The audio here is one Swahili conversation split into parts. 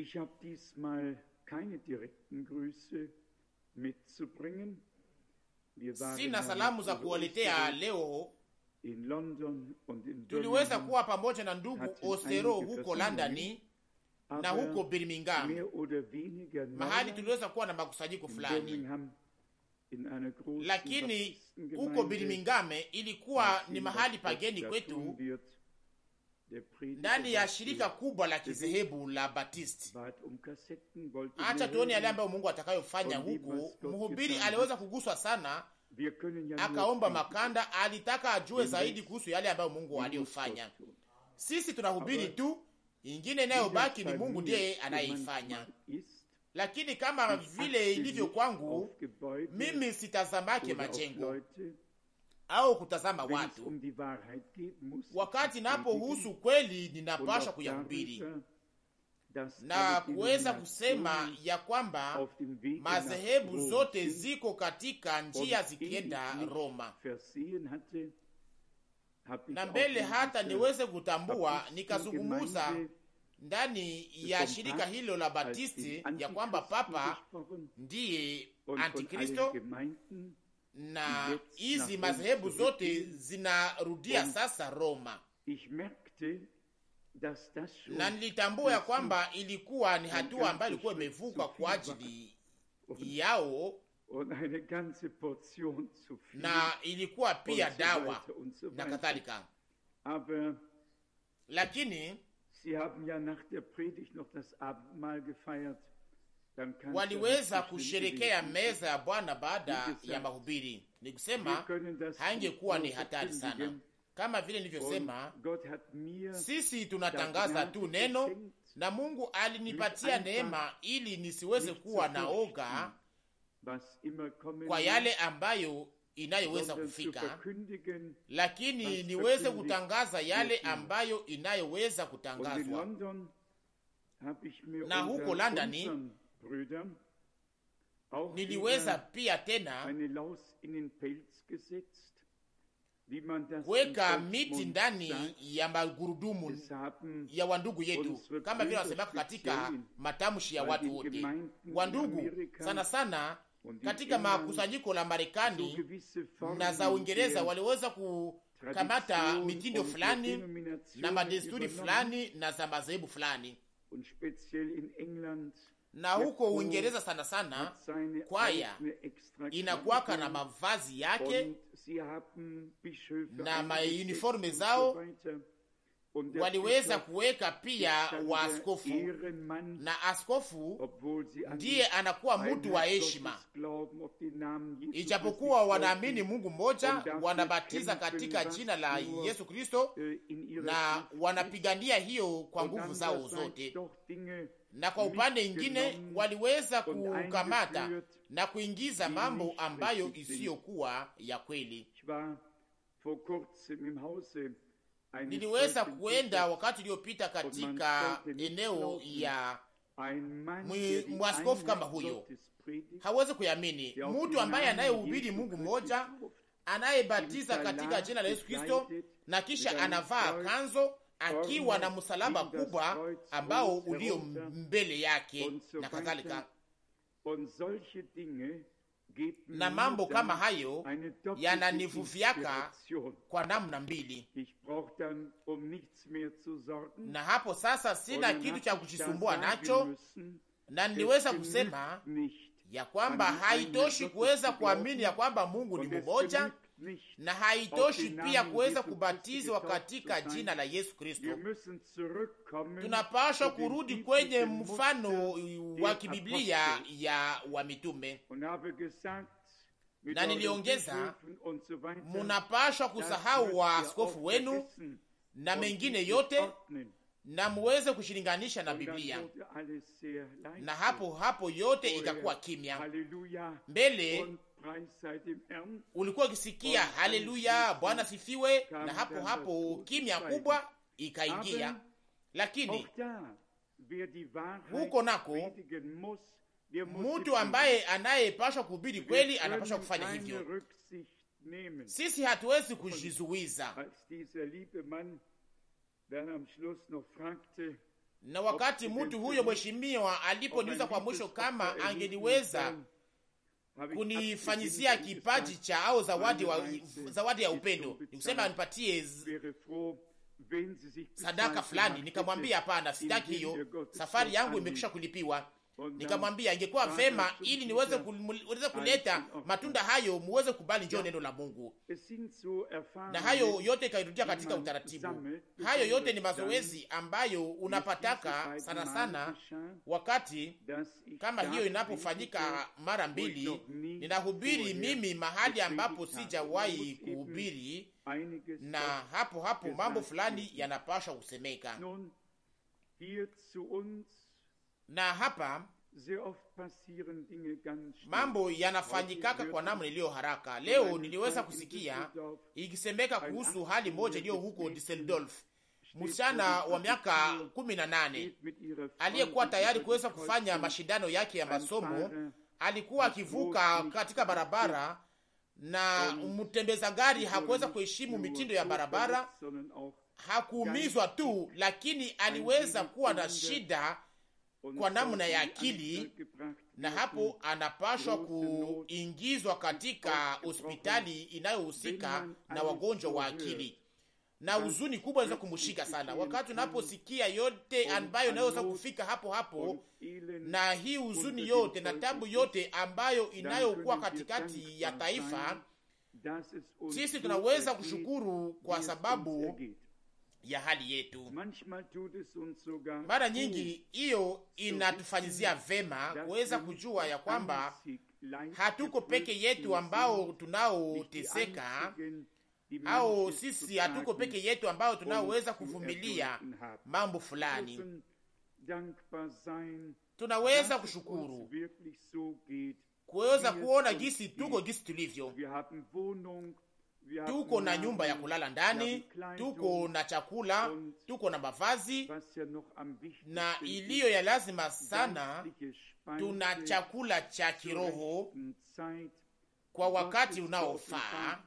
Ich habe diesmal keine direkten Grüße mitzubringen. Sina salamu za kuwaletea leo. Tuliweza kuwa pamoja na ndugu Ostero huko Londoni na huko Birmingham, mahali tuliweza kuwa na makusanyiko fulani, lakini huko Birmingham ilikuwa ni mahali pageni kwetu ndani ya shirika kubwa la kizehebu la Batisti. Acha tuone yale ambayo Mungu atakayofanya huku. Mhubiri aliweza kuguswa sana, akaomba makanda, alitaka ajue zaidi kuhusu yale ambayo Mungu aliyofanya. Sisi tunahubiri tu, ingine inayobaki ni Mungu ndiye anayeifanya. Lakini kama vile ilivyo kwangu, mimi sitazamake majengo au kutazama watu. Wakati napohusu kweli, ninapasha kuyahubiri na kuweza kusema ya kwamba madhehebu zote ziko katika njia zikienda Roma, na mbele hata niweze kutambua, nikazungumuza ndani ya shirika hilo la Batisti ya kwamba papa ndiye Antikristo na hizi madhehebu zote zinarudia sasa Roma, na nilitambua ya kwamba ilikuwa ni hatua ambayo ilikuwa imevukwa kwa ajili yao na ilikuwa pia dawa so na kadhalika, lakini sie haben ja nach der Predigt noch das Abendmahl gefeiert waliweza kusherekea meza ya Bwana baada ya mahubiri. Ni kusema haingekuwa ni hatari sana. Kama vile nilivyosema, sisi tunatangaza tu neno, na Mungu alinipatia neema ili nisiweze kuwa na oga kwa yale ambayo inayoweza kufika, lakini niweze kutangaza yale ambayo inayoweza kutangazwa. Na huko Londoni niliweza pia tena kuweka miti ndani ya magurudumu ya wandugu yetu, kama vile wanasemaka katika matamshi ya watu wote wandugu, sana sana katika makusanyiko la Marekani na za Uingereza waliweza kukamata mitindo fulani na madesturi fulani na za madhehebu fulani na huko Uingereza sana sana kwaya inakuwaka na mavazi yake na mauniforme zao. Waliweza kuweka pia waaskofu na askofu ndiye anakuwa mtu wa heshima, ijapokuwa wanaamini Mungu mmoja, wanabatiza katika jina la Yesu Kristo äh, na wanapigania hiyo kwa nguvu zao zote na kwa upande ingine waliweza kukamata na kuingiza mambo ambayo isiyokuwa ya kweli. Niliweza kuenda wakati uliopita katika eneo ya mwaskofu kama huyo, hawezi kuyamini mtu ambaye anayehubiri Mungu mmoja, anayebatiza katika jina la Yesu Kristo na kisha anavaa kanzo akiwa na msalaba kubwa ambao ulio mbele yake na kadhalika na mambo kama hayo yananivuviaka kwa namna mbili, um na hapo sasa sina kitu cha kujisumbua nacho, na niliweza kusema ya kwamba haitoshi kuweza kuamini ya kwamba Mungu ni mmoja na haitoshi pia kuweza kubatizwa katika jina la Yesu Kristo. Tunapashwa kurudi kwenye mfano wa kibiblia ya wa mitume, na niliongeza, munapashwa kusahau wa askofu wenu na mengine yote na muweze kushilinganisha na Biblia, na hapo hapo yote itakuwa kimya mbele ulikuwa ukisikia haleluya, Bwana sifiwe, na hapo hapo kimya kubwa ikaingia. Lakini huko nako mtu ambaye anayepashwa kuhubiri kweli anapashwa kufanya hivyo. Sisi hatuwezi kujizuiza. Na wakati mtu huyo mheshimiwa aliponiuliza kwa mwisho kama angeniweza kunifanyizia kipaji cha au zawadi, wa, zawadi ya upendo, nikusema nipatie sadaka fulani, nikamwambia hapana, sitaki hiyo, safari yangu imekwisha kulipiwa. Nikamwambia ingekuwa vema ili niweze kuweze kuleta matunda hayo, muweze kubali njoo neno la Mungu, na hayo yote ikairudia katika utaratibu. Hayo yote ni mazoezi ambayo unapataka sana sana, wakati kama hiyo inapofanyika mara mbili. Ninahubiri mimi mahali ambapo sijawahi kuhubiri, na hapo hapo mambo fulani yanapasha kusemeka na hapa mambo yanafanyikaka kwa namna iliyo haraka. Leo niliweza kusikia ikisemeka kuhusu hali moja iliyo huko Düsseldorf, msichana wa miaka kumi na nane aliyekuwa tayari kuweza kufanya mashindano yake ya masomo. Alikuwa akivuka katika barabara na mtembeza gari hakuweza kuheshimu mitindo ya barabara. Hakuumizwa tu, lakini aliweza kuwa na shida kwa namna ya akili, na hapo anapashwa kuingizwa katika hospitali inayohusika na wagonjwa wa akili, na huzuni kubwa inaweza kumshika sana. Wakati unaposikia yote ambayo inayoweza kufika hapo hapo, na hii huzuni yote na tabu yote ambayo inayokuwa katikati ya taifa, sisi tunaweza kushukuru kwa sababu ya hali yetu. Mara nyingi hiyo inatufanyizia vema kuweza kujua ya kwamba hatuko peke yetu ambao tunaoteseka, au sisi hatuko peke yetu ambao tunaoweza kuvumilia mambo fulani. Tunaweza kushukuru kuweza kuona gisi tuko gisi tulivyo tuko na nyumba ya kulala ndani, tuko na chakula, tuko na mavazi, na iliyo ya lazima sana, tuna chakula cha kiroho kwa wakati unaofaa,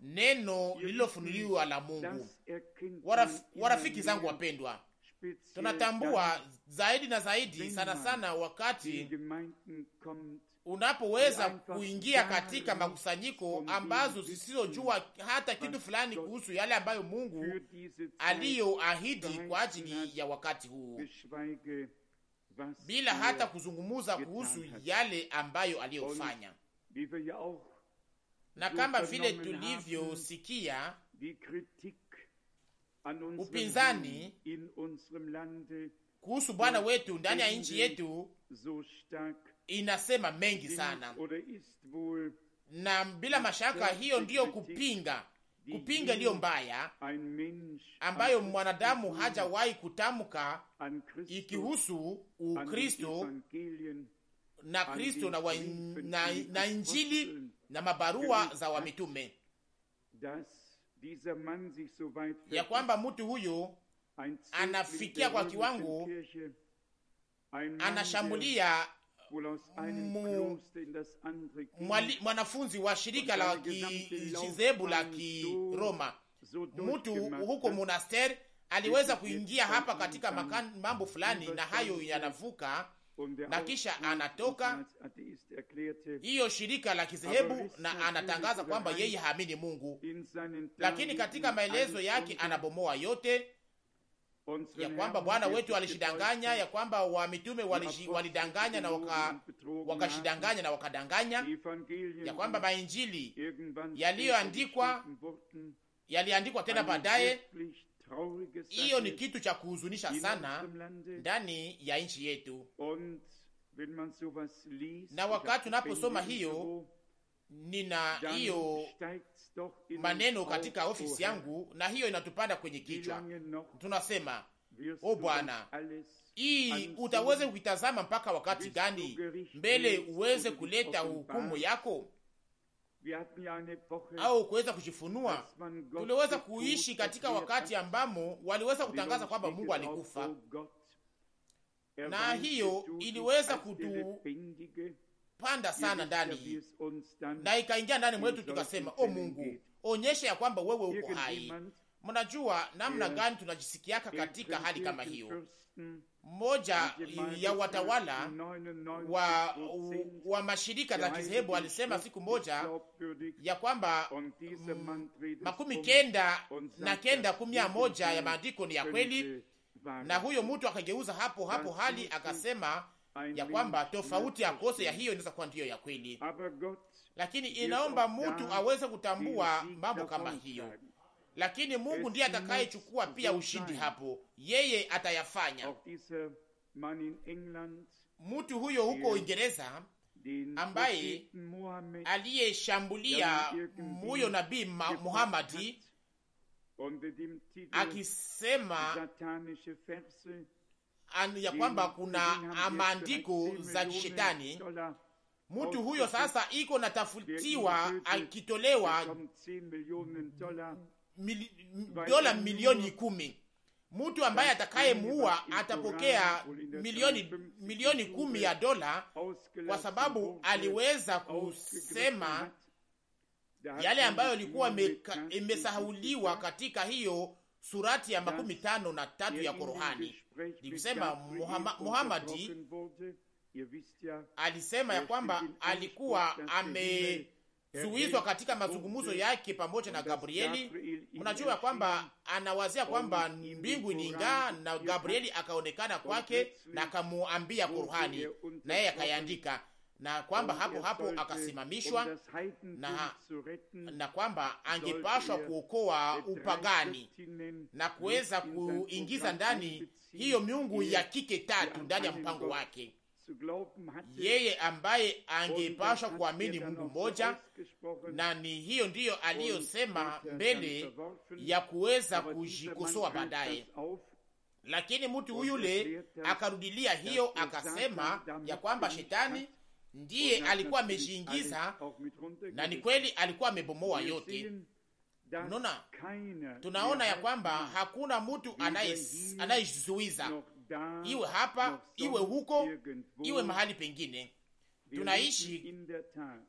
neno lililofunuliwa la Mungu. Er Waraf, warafiki zangu wapendwa, tunatambua zaidi na zaidi sana sana wakati unapoweza yaani kuingia katika makusanyiko ambazo zisizojua hata kitu fulani kuhusu yale ambayo Mungu aliyoahidi kwa ajili ya wakati huu, bila hata kuzungumuza kuhusu yale ambayo aliyofanya, na kama vile tulivyosikia upinzani kuhusu Bwana wetu ndani ya er nchi yetu inasema mengi sana, na bila mashaka hiyo ndiyo kupinga kupinga iliyo mbaya ambayo mwanadamu hajawahi kutamka ikihusu Ukristo na Kristo na, na, na Injili na mabarua za wamitume ya kwamba mtu huyu anafikia kwa kiwango, anashambulia mwanafunzi wa shirika la kizebu la Kiroma. Mtu huko monaster aliweza kuingia hapa katika mambo fulani, na hayo yanavuka na kisha anatoka hiyo shirika la kizehebu na anatangaza kwamba yeye haamini Mungu, lakini katika maelezo yake anabomoa yote ya kwamba Bwana wetu alishidanganya, ya kwamba wa mitume walidanganya na waka, wakashidanganya na wakadanganya, ya kwamba mainjili yaliyoandikwa yaliandikwa tena baadaye hiyo ni kitu cha kuhuzunisha sana ndani ya nchi yetu, na wakati unaposoma hiyo nina hiyo maneno katika ofisi yangu, na hiyo inatupanda kwenye kichwa. Tunasema, o Bwana, hii utaweze kuitazama mpaka wakati gani? Mbele uweze kuleta hukumu yako au kuweza kujifunua. Tuliweza kuishi katika wakati ambamo waliweza kutangaza kwamba Mungu alikufa, na hiyo iliweza kutupanda sana ndani na ikaingia ndani mwetu, tukasema o Mungu, onyesha ya kwamba wewe uko hai Mnajua namna gani tunajisikiaka katika hali kama hiyo. Mmoja ya watawala wa, wa mashirika za kizehebu alisema siku moja ya kwamba makumi kenda na kenda kumia moja ya maandiko ni ya kweli, na huyo mtu akageuza hapo hapo hali akasema ya kwamba tofauti ya kose ya hiyo inaweza kuwa ndiyo ya kweli, lakini inaomba mtu aweze kutambua mambo kama hiyo lakini Mungu ndiye atakayechukua pia ushindi hapo, yeye atayafanya. Uh, Mtu huyo huko Uingereza ambaye aliyeshambulia huyo nabii Muhammadi akisema ya kwamba kuna maandiko za kishetani. Mtu huyo sasa iko natafutiwa akitolewa dola milioni kumi. Mtu ambaye muua atapokea milioni milioni kumi ya dola, kwa sababu aliweza kusema yale ambayo ilikuwa imesahauliwa katika hiyo surati ya makumi tano na tatu ya Korohani. Nikusema Muhamadi alisema ya kwamba alikuwa ame Suizwa katika mazungumzo yake pamoja na Gabrieli. Mnajua kwamba anawazia kwamba mbingu iliing'aa, na Gabrieli akaonekana kwake na akamwambia kuruhani, na yeye akayaandika, na kwamba hapo hapo akasimamishwa na, na kwamba angepashwa kuokoa upagani na kuweza kuingiza ndani hiyo miungu ya kike tatu ndani ya mpango wake yeye ambaye angepashwa er kuamini Mungu mmoja, na ni hiyo ndiyo aliyosema er mbele ya kuweza kujikosoa baadaye. Lakini mtu huyule er, akarudilia hiyo, akasema ya kwamba shetani ndiye alikuwa amejiingiza, na ni kweli alikuwa amebomoa yote. Unaona, tunaona ya kwamba hakuna mtu anayezuiza iwe hapa, iwe huko, iwe mahali pengine. Tunaishi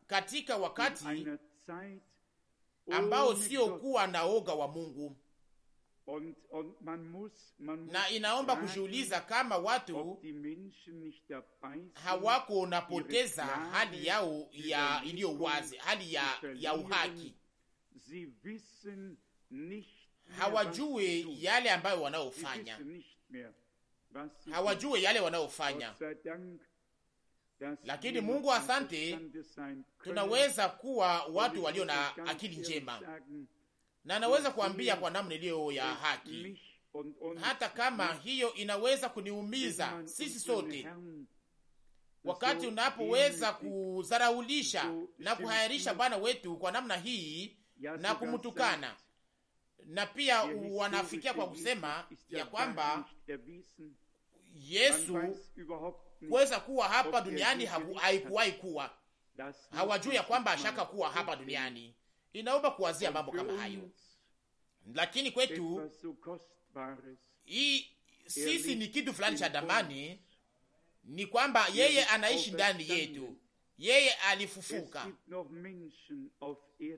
katika wakati ambao siokuwa na oga wa Mungu na inaomba kujiuliza kama watu hawako napoteza hali yao ya iliyo wazi, hali ya, ya uhaki. Hawajue yale ambayo wanaofanya hawajue yale wanayofanya. Lakini Mungu, asante, tunaweza kuwa watu walio na akili njema, na naweza kuambia kwa namna iliyo ya haki, hata kama hiyo inaweza kuniumiza sisi sote wakati unapoweza kuzaraulisha na kuhayarisha Bwana wetu kwa namna hii na kumtukana, na pia wanafikia kwa kusema ya kwamba Yesu kuweza kuwa hapa er duniani haikuwahi kuwa, hawajui ya kwamba ashaka kuwa hapa duniani. Inaomba kuwazia mambo kama hayo, lakini kwetu hii er sisi ni kitu fulani cha damani, ni kwamba er yeye anaishi ndani yetu, yeye alifufuka.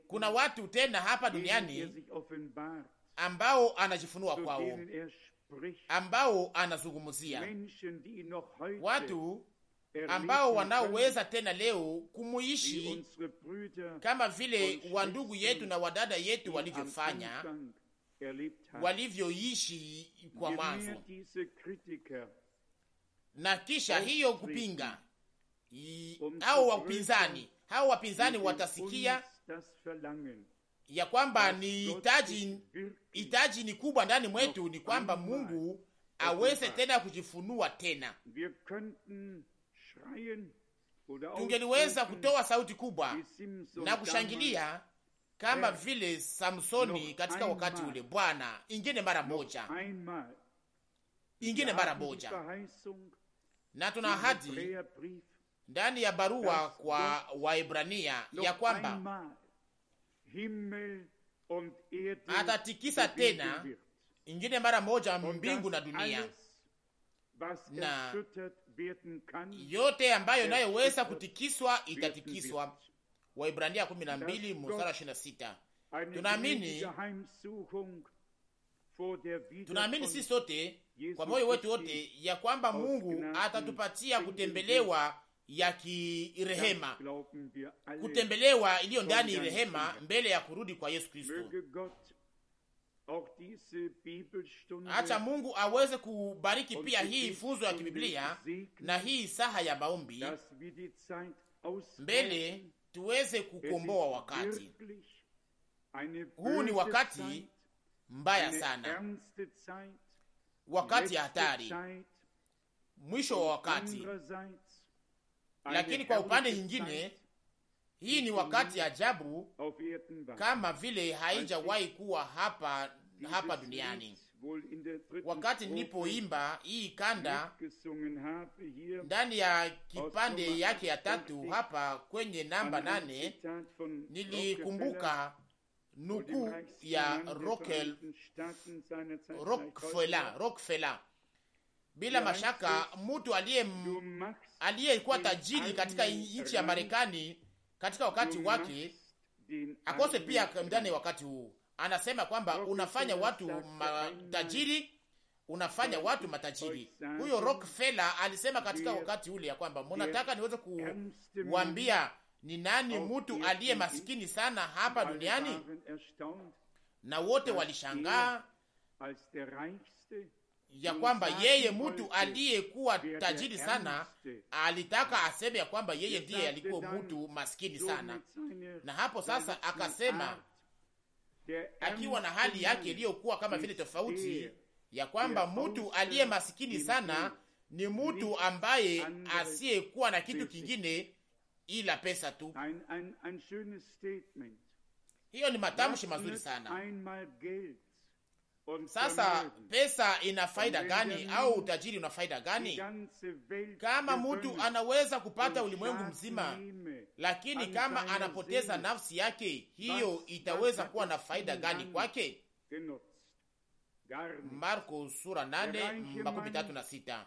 Kuna watu tena hapa duniani ambao anajifunua kwao, ambao anazungumzia watu ambao wanaoweza tena leo kumuishi kama vile wandugu yetu na wadada yetu walivyofanya, walivyoishi kwa mwanzo, na kisha hiyo kupinga um au wapinzani, hao wapinzani watasikia ya kwamba ni hitaji hitaji ni kubwa ndani mwetu, ni kwamba Mungu aweze tena kujifunua tena. Tungeliweza kutoa sauti kubwa na kushangilia kama vile Samsoni katika wakati ule. Bwana, ingine mara moja, ingine mara moja. Na tuna ahadi ndani ya barua kwa Waebrania ya kwamba atatikisa tena ingine mara moja mbingu na dunia na yote ambayo inayoweza kutikiswa itatikiswa. Waibrania 12 mstari 26. Tunaamini, tunaamini sisi sote kwa moyo wetu wote ya kwamba Mungu atatupatia kutembelewa ya kirehema, kutembelewa iliyo ndani rehema mbele ya kurudi kwa Yesu Kristo. Acha Mungu aweze kubariki pia hii funzo ya kibiblia na hii saha ya maombi mbele tuweze kukomboa wakati huu. Ni wakati mbaya sana, wakati hatari, mwisho wa wakati lakini kwa upande nyingine, hii ni wakati ajabu kama vile haijawahi kuwa hapa hapa duniani. Wakati nilipoimba hii kanda ndani ya kipande yake ya tatu hapa kwenye namba nane, nilikumbuka nukuu ya Rockefeller bila yaani, mashaka eh, mtu aliye aliyekuwa tajiri katika nchi ya Marekani katika wakati wake akose pia ndani ya wakati huu, anasema kwamba unafanya watu matajiri, unafanya watu matajiri. Huyo Rockefeller alisema katika wakati ule ya kwamba mnataka niweze kuwambia ni nani mtu aliye masikini sana hapa duniani, na wote walishangaa ya kwamba yeye mtu aliyekuwa tajiri sana alitaka aseme ya kwamba yeye ndiye alikuwa mtu maskini sana, na hapo sasa akasema akiwa na hali yake iliyokuwa kama vile tofauti ya kwamba mtu aliye masikini sana ni mtu ambaye asiyekuwa na kitu kingine ila pesa tu. Hiyo ni matamshi mazuri sana. Sasa pesa ina faida gani? Au utajiri una faida gani? Kama mtu anaweza kupata ulimwengu mzima, lakini kama anapoteza nafsi yake, hiyo itaweza kuwa na faida gani kwake? Marko sura nane makumi tatu na sita.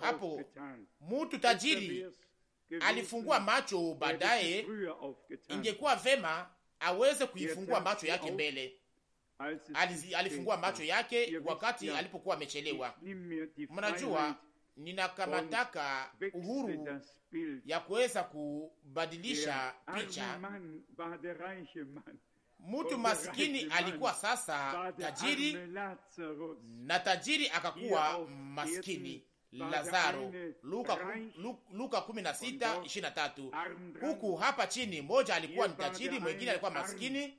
Hapo mtu tajiri alifungua macho er baadaye, ingekuwa vema aweze kuifungua macho yake er mbele alizi, alifungua macho yake wakati alipokuwa amechelewa. Mnajua, ninakamataka uhuru ya kuweza kubadilisha picha. Mtu masikini alikuwa sasa tajiri na tajiri akakuwa masikini. Lazaro, Luka, Luka Huku hapa chini, moja alikuwa ni tajiri, mwengine alikuwa masikini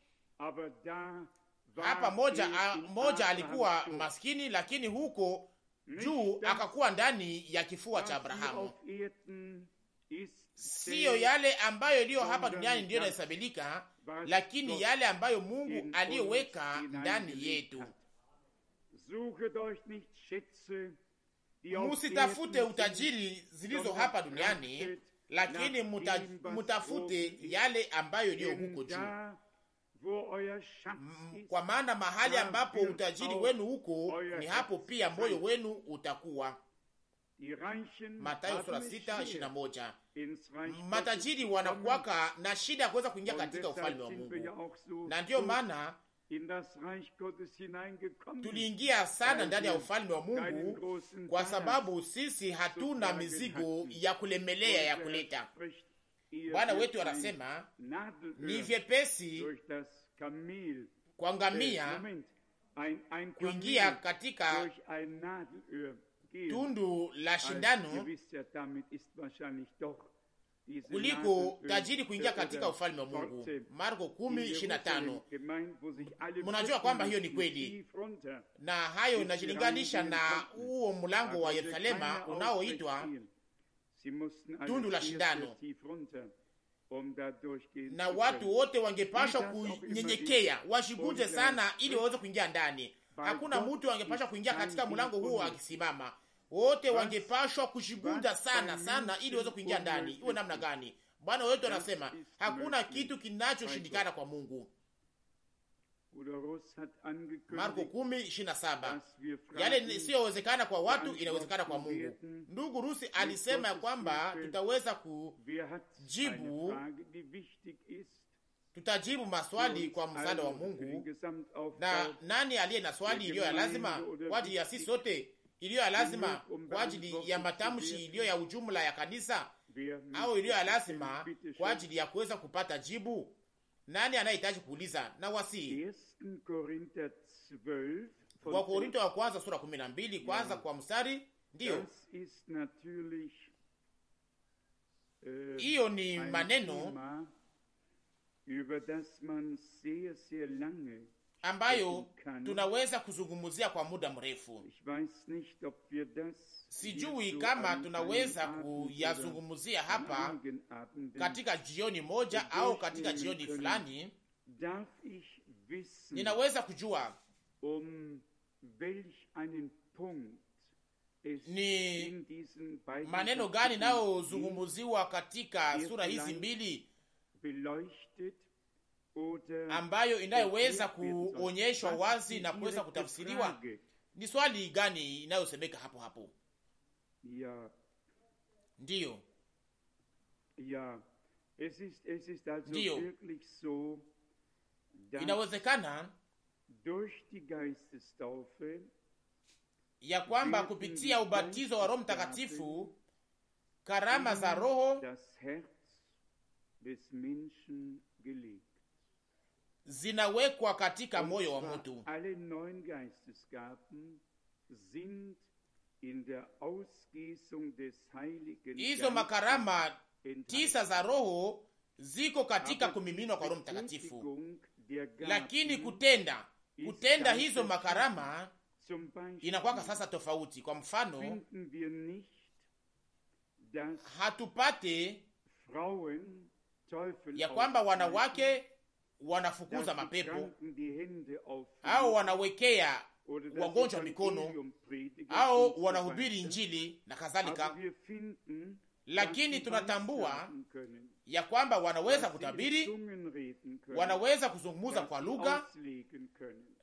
hapa moja, a, moja alikuwa maskini lakini huko juu akakuwa ndani ya kifua cha Abrahamu. Siyo yale ambayo iliyo hapa duniani ndiyo inahesabilika, lakini yale ambayo Mungu aliyoweka ndani yetu. Musitafute utajiri zilizo hapa duniani, lakini muta, mutafute yale ambayo iliyo huko juu kwa maana mahali ambapo utajiri wenu huko ni hapo pia moyo wenu utakuwa. Mathayo sura sita ishirini na moja. Matajiri wanakuwaka na shida ya kuweza kuingia katika ufalme wa Mungu, na ndiyo maana tuliingia sana ndani ya ufalme wa Mungu kwa sababu sisi hatuna mizigo ya kulemelea ya kuleta Bwana wetu anasema ni vyepesi kwa ngamia eh, kuingia katika tundu la shindano kuliko tajiri kuingia katika ufalme wa Mungu. Marko 10:25. Mnajua kwamba hiyo ni kweli, na hayo inajilinganisha na huo mlango wa Yerusalema unaoitwa tundu la shindano, um na watu wote wangepasha kunyenyekea washikunje sana, ili waweze kuingia ndani. Hakuna mtu angepasha kuingia katika mlango huo akisimama. Wote wangepashwa kushigunja sana sana ili waweze kuingia ndani. Iwe namna gani? Bwana wetu anasema hakuna kitu kinachoshindikana kwa Mungu. Marko kumi ishirini na saba. Yale isiyowezekana kwa watu inawezekana kwa Mungu. Ndugu Rusi alisema ya kwamba tutaweza kujibu, tutajibu maswali kwa msaada wa Mungu. Na nani aliye na swali iliyo ya lazima kwa ajili ya sisi sote, iliyo ya lazima um kwa ajili ya matamshi iliyo ya ujumla ya kanisa, au iliyo ya lazima kwa ajili ya kuweza kupata jibu nani anayehitaji kuuliza na wasi? Wa Korinto wa kwanza sura kumi na mbili kwanza kwa mstari, ndiyo äh, hiyo ni maneno ambayo tunaweza kuzungumzia kwa muda mrefu. Sijui kama tunaweza kuyazungumzia hapa katika jioni moja au katika jioni fulani. Ninaweza kujua um ni maneno gani nayozungumziwa katika sura hizi mbili ambayo inayoweza kuonyeshwa wazi na kuweza kutafsiriwa? Ni swali gani inayosemeka hapo hapo? Ndiyo, ndiyo, inawezekana ya kwamba kupitia ubatizo wa Roho Mtakatifu karama za Roho zinawekwa katika moyo wa mtu. Hizo makarama tisa za Roho ziko katika kumiminwa kwa Roho Mtakatifu, lakini kutenda kutenda hizo makarama inakwaka sasa tofauti. Kwa mfano, hatupate ya kwamba wanawake wanafukuza mapepo au wanawekea wagonjwa mikono au wanahubiri Injili na kadhalika, lakini tunatambua ya kwamba wanaweza kutabiri, wanaweza kuzungumza kwa lugha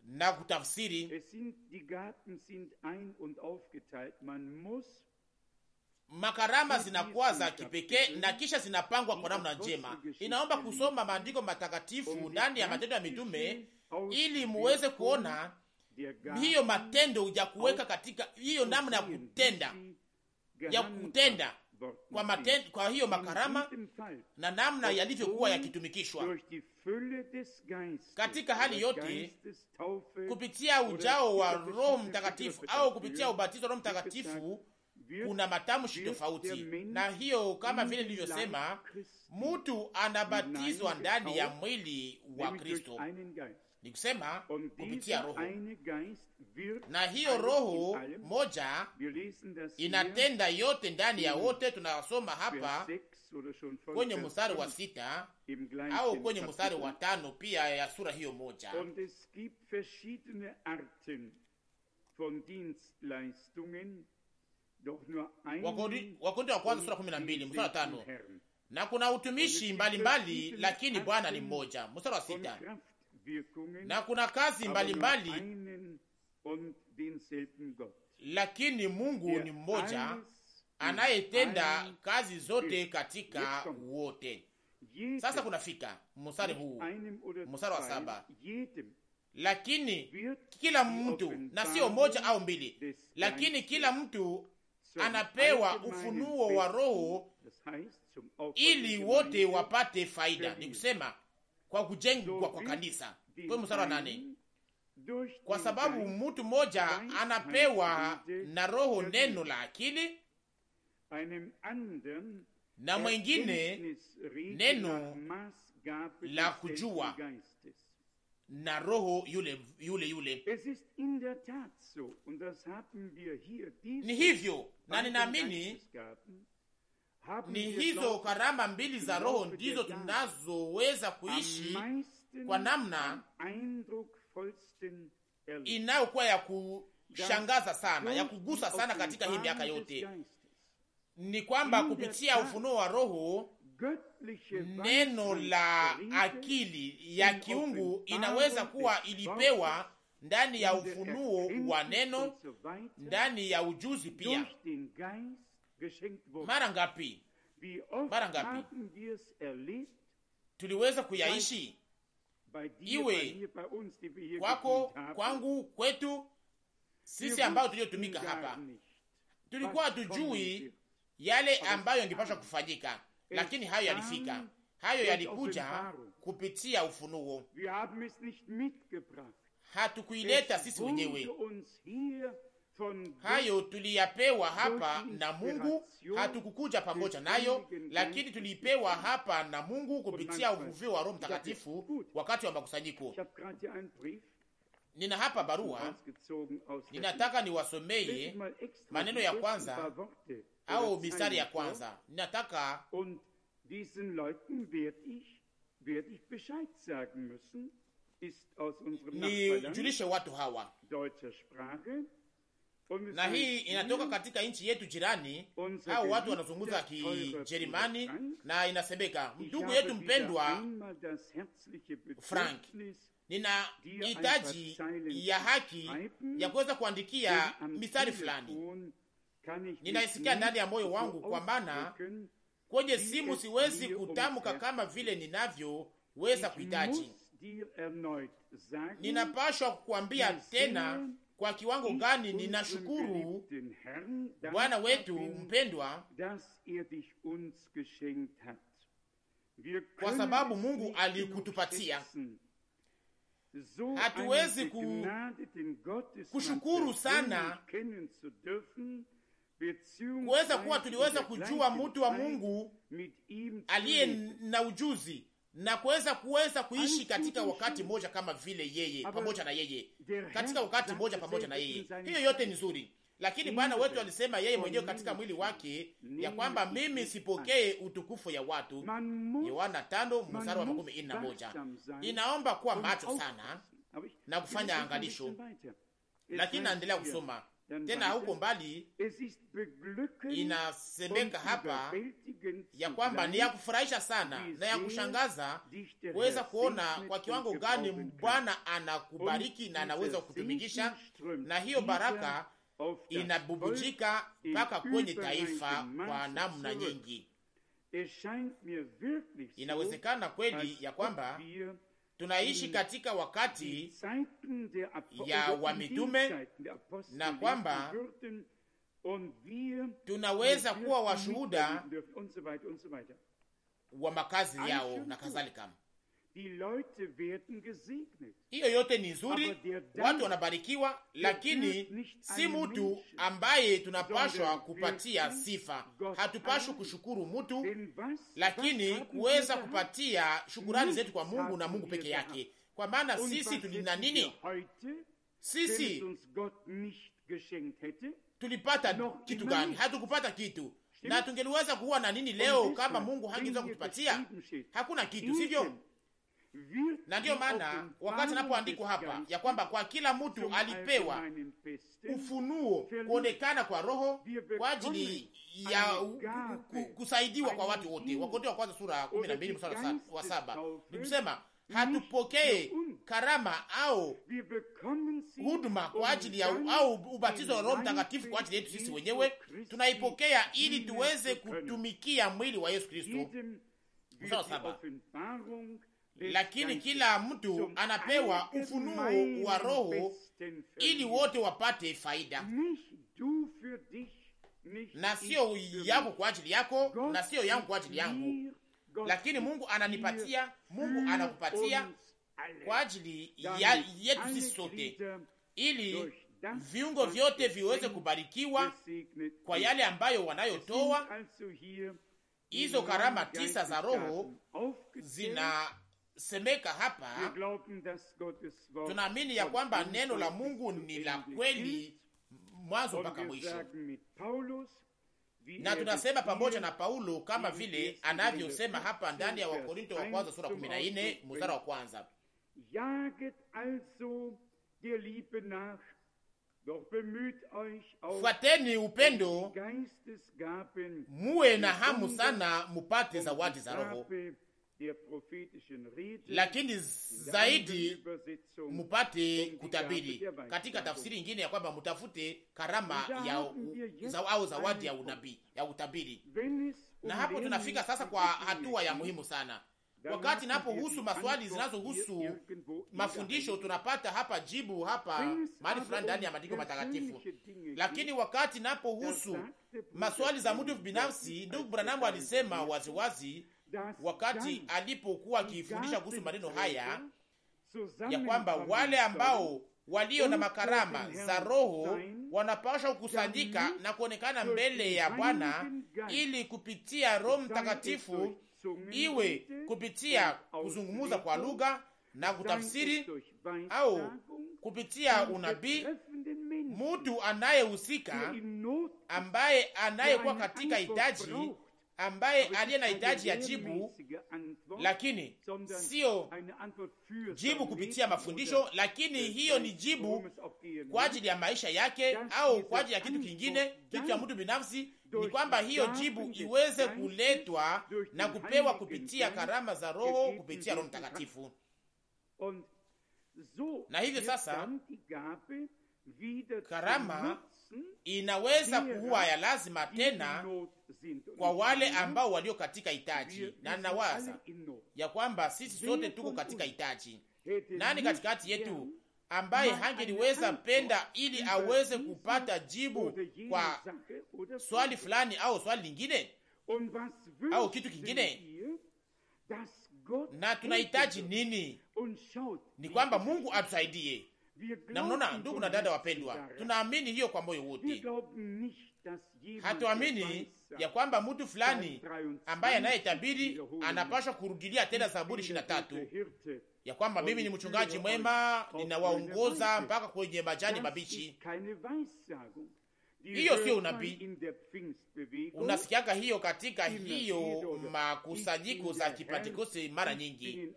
na kutafsiri makarama zinakuwa za kipekee na kisha zinapangwa kwa namna njema. Inaomba kusoma maandiko matakatifu ndani ya Matendo ya Mitume ili muweze kuona hiyo matendo ya kuweka katika hiyo namna ya kutenda ya kutenda kwa, maten, kwa hiyo makarama na namna yalivyokuwa yakitumikishwa katika hali yote kupitia ujao wa Roho Mtakatifu au kupitia ubatizo wa Roho Mtakatifu kuna matamshi tofauti, na hiyo kama vile nilivyosema, mtu anabatizwa ndani ya mwili wa Kristo, ni kusema kupitia Roho, na hiyo Roho moja inatenda yote ndani ya wote. Tunasoma hapa kwenye mstari wa sita au kwenye mstari wa tano pia ya sura hiyo moja Wakorintho wa kwanza sura kumi na mbili mstari wa tano na kuna utumishi mbalimbali mbali, lakini Bwana ni mmoja. Mstari wa sita na kuna kazi mbalimbali mbali, lakini Mungu ni mmoja anayetenda kazi zote katika wote. Sasa kunafika mstari huu, mstari wa saba lakini kila mtu na sio moja au mbili, lakini kila mtu anapewa ufunuo wa Roho ili wote wapate faida, ni kusema kwa kujengwa kwa kanisa. Mstari wa nane, kwa sababu mtu mmoja anapewa na Roho neno la akili na mwengine neno la kujua na roho yule yule yule. So, ni hivyo na ninaamini ni hizo karama mbili za Roho ndizo tunazoweza kuishi kwa namna inayokuwa ya kushangaza sana, ya kugusa sana katika hii miaka yote, ni kwamba kupitia ufunuo wa Roho neno la akili ya kiungu inaweza kuwa ilipewa ndani ya ufunuo wa neno, ndani ya ujuzi pia. Mara ngapi, mara ngapi tuliweza kuyaishi, iwe kwako, kwangu, kwetu sisi ambayo tuliyotumika hapa, tulikuwa hatujui yale ambayo yangepashwa kufanyika lakini hayo yalifika, hayo yalikuja kupitia ufunuo, hatukuileta sisi wenyewe. Hayo tuliyapewa hapa na Mungu, hatukukuja pamoja nayo, lakini tuliipewa hapa na Mungu kupitia uvuvio wa Roho Mtakatifu wakati wa makusanyiko. Nina hapa barua, ninataka niwasomeye maneno ya kwanza au mistari ya kwanza. Ninataka nijulishe watu hawa, na hii inatoka katika nchi yetu jirani. Hao watu wanazungumza kijerimani na inasemeka, ndugu yetu mpendwa Frank, nina hitaji ya haki ya kuweza kuandikia mistari fulani ninaisikia ndani ya moyo wangu, kwa maana kwenye simu siwezi kutamka kama vile ninavyoweza kuhitaji. Ninapashwa kukuambia tena kwa kiwango gani ninashukuru Bwana wetu mpendwa, er kwa sababu Mungu alikutupatia. Hatuwezi ku, kushukuru sana kuweza kuwa tuliweza kujua mtu wa Mungu aliye na ujuzi na kuweza kuweza kuishi katika wakati mmoja kama vile yeye pamoja na yeye katika wakati mmoja pamoja na yeye. Hiyo yote ni nzuri, lakini Bwana wetu alisema yeye mwenyewe katika mwili wake ya kwamba mimi sipokee utukufu ya watu, Yohana tano mstari wa makumi ine na moja. Inaomba kuwa macho sana na kufanya angalisho, lakini naendelea kusoma tena huko mbali inasemeka hapa ya kwamba ni ya kufurahisha sana na ya kushangaza kuweza kuona kwa kiwango gani Bwana anakubariki na anaweza kutumikisha, na hiyo baraka inabubujika mpaka kwenye taifa kwa namna nyingi. Inawezekana kweli ya kwamba tunaishi mm. katika wakati ya wamitume na kwamba tunaweza kuwa washuhuda wa makazi yao na kadhalika. Hiyo yote ni nzuri, watu wanabarikiwa, lakini si mtu ambaye tunapashwa kupatia sifa. Hatupashwi kushukuru mtu, lakini kuweza kupatia shukurani zetu kwa Mungu na Mungu peke yake, kwa maana sisi tulina nini? Sisi tulipata kitu gani? Hatukupata kitu na tungeliweza kuwa na nini leo kama Mungu hangeweza kutupatia? Hakuna kitu, sivyo? Na ndiyo maana wakati anapoandikwa hapa ya kwamba kwa kila mtu alipewa ufunuo kuonekana kwa Roho kwa ajili ya kusaidiwa kwa watu wote. Wakorintho wa kwanza sura 12 mstari wa saba ni kusema hatupokee karama au huduma kwa ajili ya au ubatizo wa Roho Mtakatifu kwa ajili yetu sisi wenyewe, tunaipokea ili tuweze kutumikia mwili wa Yesu Kristo lakini kila mtu anapewa ufunuo wa Roho ili wote wapate faida, na sio yako kwa ajili yako na sio yangu kwa ajili yangu, lakini Mungu ananipatia, Mungu anakupatia kwa ajili ya yetu sisi sote, ili viungo vyote viweze kubarikiwa kwa yale ambayo wanayotoa. Hizo karama tisa za Roho zina semeka hapa, tunaamini ya kwamba neno la Mungu ni la kweli mwanzo mpaka mwisho, na er tunasema pamoja na Paulo kama vile anavyosema hapa ndani ya Wakorinto wa kwanza sura 14 mstari wa kwanza Fuateni upendo, muwe na hamu sana, mupate um zawadi za Roho lakini zaidi mupate um kutabiri. Katika tafsiri ingine ya kwamba mutafute karama ya za, au zawadi ya unabii ya utabiri. Na hapo tunafika sasa kwa hatua ya muhimu sana, wakati napohusu maswali zinazohusu mafundisho, tunapata hapa jibu hapa mahali fulani ndani ya maandiko matakatifu. Lakini wakati napohusu maswali za mtu binafsi, ndugu Branamu alisema waziwazi wazi, wakati alipokuwa akifundisha kuhusu maneno haya ya kwamba wale ambao walio na makarama za Roho wanapaswa kukusanyika na kuonekana mbele ya Bwana ili kupitia Roho Mtakatifu, iwe kupitia kuzungumuza kwa lugha na kutafsiri au kupitia unabii. Mtu anayehusika ambaye anayekuwa katika hitaji ambaye aliye na hitaji ya jibu, lakini sio jibu kupitia mafundisho, lakini hiyo ni jibu kwa ajili ya maisha yake au kwa ajili ya kitu kingine, kitu ya mtu binafsi. Ni kwamba hiyo jibu iweze kuletwa na kupewa kupitia karama za Roho, kupitia Roho Mtakatifu. Na hivyo sasa karama inaweza kuwa ya lazima tena kwa wale ambao walio katika hitaji, na nawaza ya kwamba sisi sote tuko katika hitaji. Nani katikati yetu ambaye hangeliweza penda ili aweze kupata jibu kwa eh, swali fulani au swali lingine au kitu kingine? Na tunahitaji nini? Ni kwamba Mungu atusaidie na mnaona, ndugu na dada wapendwa, tunaamini hiyo kwa moyo wote. Hatuamini ya kwamba mtu fulani ambaye anayetabiri anapashwa kurudilia tena Zaburi ishirini na tatu ya kwamba mimi ni mchungaji mwema, ninawaongoza mpaka kwenye majani mabichi. Hiyo sio unabii. Unasikiaga hiyo katika hiyo makusanyiko za kipatikosi mara nyingi,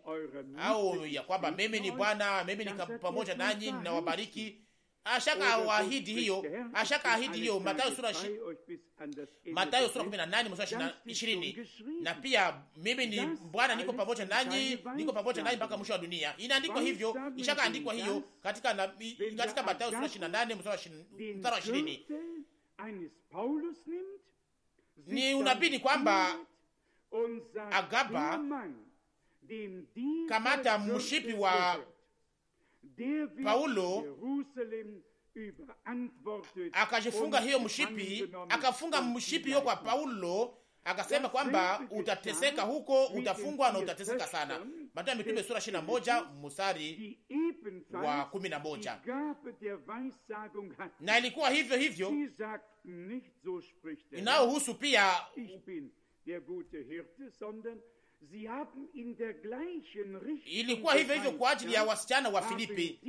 au ya kwamba mimi ni Bwana, mimi ni pamoja nanyi, ninawabariki. Ashaka ahidi hiyo, ashaka ahidi hiyo. Mathayo sura Mathayo sura 18 mstari 20, na pia mimi ni Bwana, niko pamoja nanyi, niko pamoja nanyi mpaka mwisho wa dunia. Inaandikwa hivyo, ishaka andikwa hiyo katika katika Mathayo sura 28 mstari 20 ni unabii kwamba Agaba, kamata mshipi wa Paulo akajifunga hiyo mshipi, akafunga mshipi hiyo kwa Paulo akasema kwamba utateseka huko, utafungwa na utateseka sana. Matendo ya Mitume sura ishirini na moja mstari wa kumi na moja. Na ilikuwa hivyo hivyo er. inayohusu pia ilikuwa hivyo hivyo kwa ajili ya wasichana wa Filipi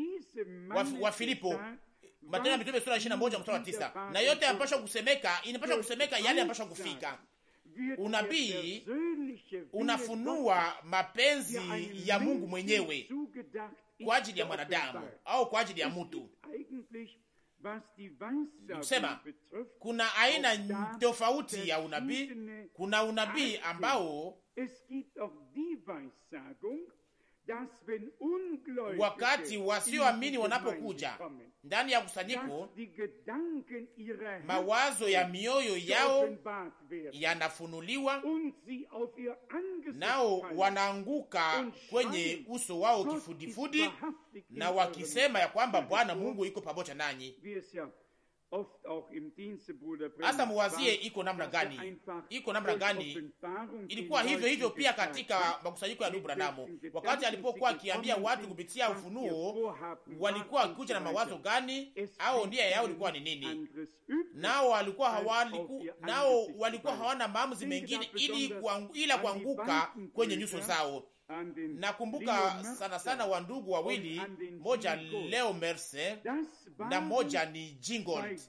wa Filipo, Matendo ya Mitume sura na moja mstari wa tisa Na yote yanapaswa kusemeka, inapaswa kusemeka yale yanapaswa kufika unabii unafunua mapenzi ya Mungu mwenyewe kwa ajili ya mwanadamu au kwa ajili ya mtu. Kusema kuna aina tofauti ya unabii. Kuna unabii ambao wakati wasioamini wanapokuja ndani ya kusanyiko, mawazo ya mioyo yao yanafunuliwa, nao wanaanguka kwenye uso wao kifudifudi, na wakisema ya kwamba Bwana Mungu iko pamoja nanyi. Hasa muwazie iko namna gani, iko namna gani. Ilikuwa hivyo hivyo pia katika makusanyiko ya ndugu Branamu, wakati alipokuwa akiambia watu kupitia ufunuo, walikuwa wakikuja na mawazo gani au nia yao ilikuwa ni nini? Nao walikuwa hawaliku, nao walikuwa hawana maamuzi mengine ili kuangu, ila kuanguka kwenye nyuso zao Nakumbuka sana sana wandugu wawili, moja Leo Merse na moja ni Jingold,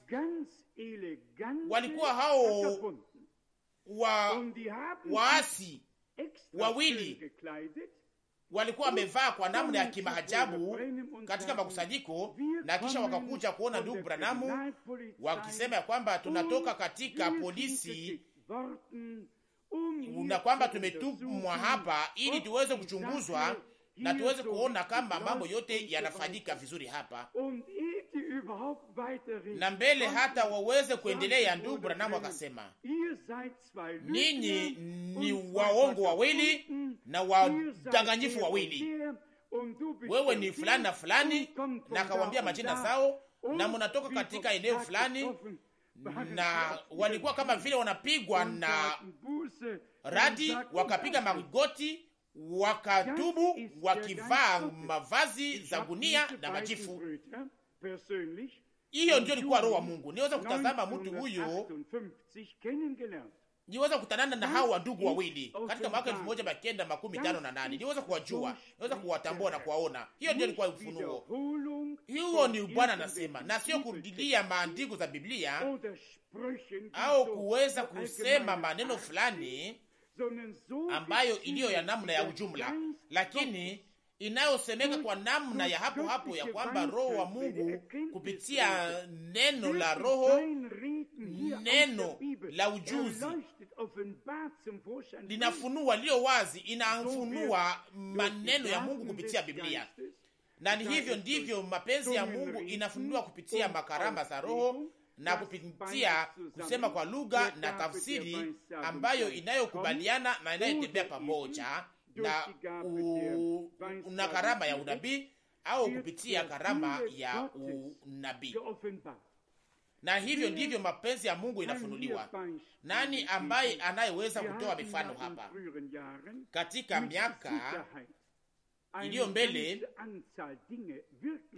walikuwa hao wa waasi wawili walikuwa wamevaa kwa namna ya kimahajabu katika makusanyiko, na kisha wakakuja kuona ndugu Branamu wakisema ya kwamba tunatoka katika polisi na kwamba tumetumwa hapa ili tuweze kuchunguzwa na tuweze kuona kama mambo yote yanafanyika vizuri hapa na mbele hata waweze kuendelea. Ndugu Branamu akasema, ninyi ni waongo wawili na wadanganyifu wawili, wewe ni fulani na fulani, na akawambia majina zao, na munatoka katika eneo fulani na walikuwa kama vile wanapigwa na radi, wakapiga magoti, wakatubu, wakivaa mavazi za gunia na majifu. Hiyo ndio ilikuwa roho wa Mungu. Niweza kutazama mtu huyo niweza kutanana na hao wandugu wawili katika mwaka elfu moja mia kenda makumi tano na nane. Niweza kuwajua, niweza kuwatambua na kuwaona. Hiyo ndio ilikuwa ufunuo. Hiyo ni Bwana anasema, na sio kurudilia maandiko za Biblia au kuweza kusema maneno fulani ambayo iliyo ya namna ya ujumla, lakini inayosemeka kwa namna ya hapo hapo ya kwamba Roho wa Mungu kupitia neno la Roho, neno la ujuzi, linafunua lio wazi, inafunua maneno ya Mungu kupitia Biblia, na ni hivyo ndivyo mapenzi ya Mungu inafunuliwa kupitia makarama za Roho na kupitia kusema kwa lugha na tafsiri ambayo inayokubaliana na inayotembea pamoja na, u, na karama ya unabii au kupitia karama ya unabii na hivyo ndivyo mapenzi ya Mungu inafunuliwa. Nani ambaye anayeweza kutoa mifano hapa? Katika miaka iliyo mbele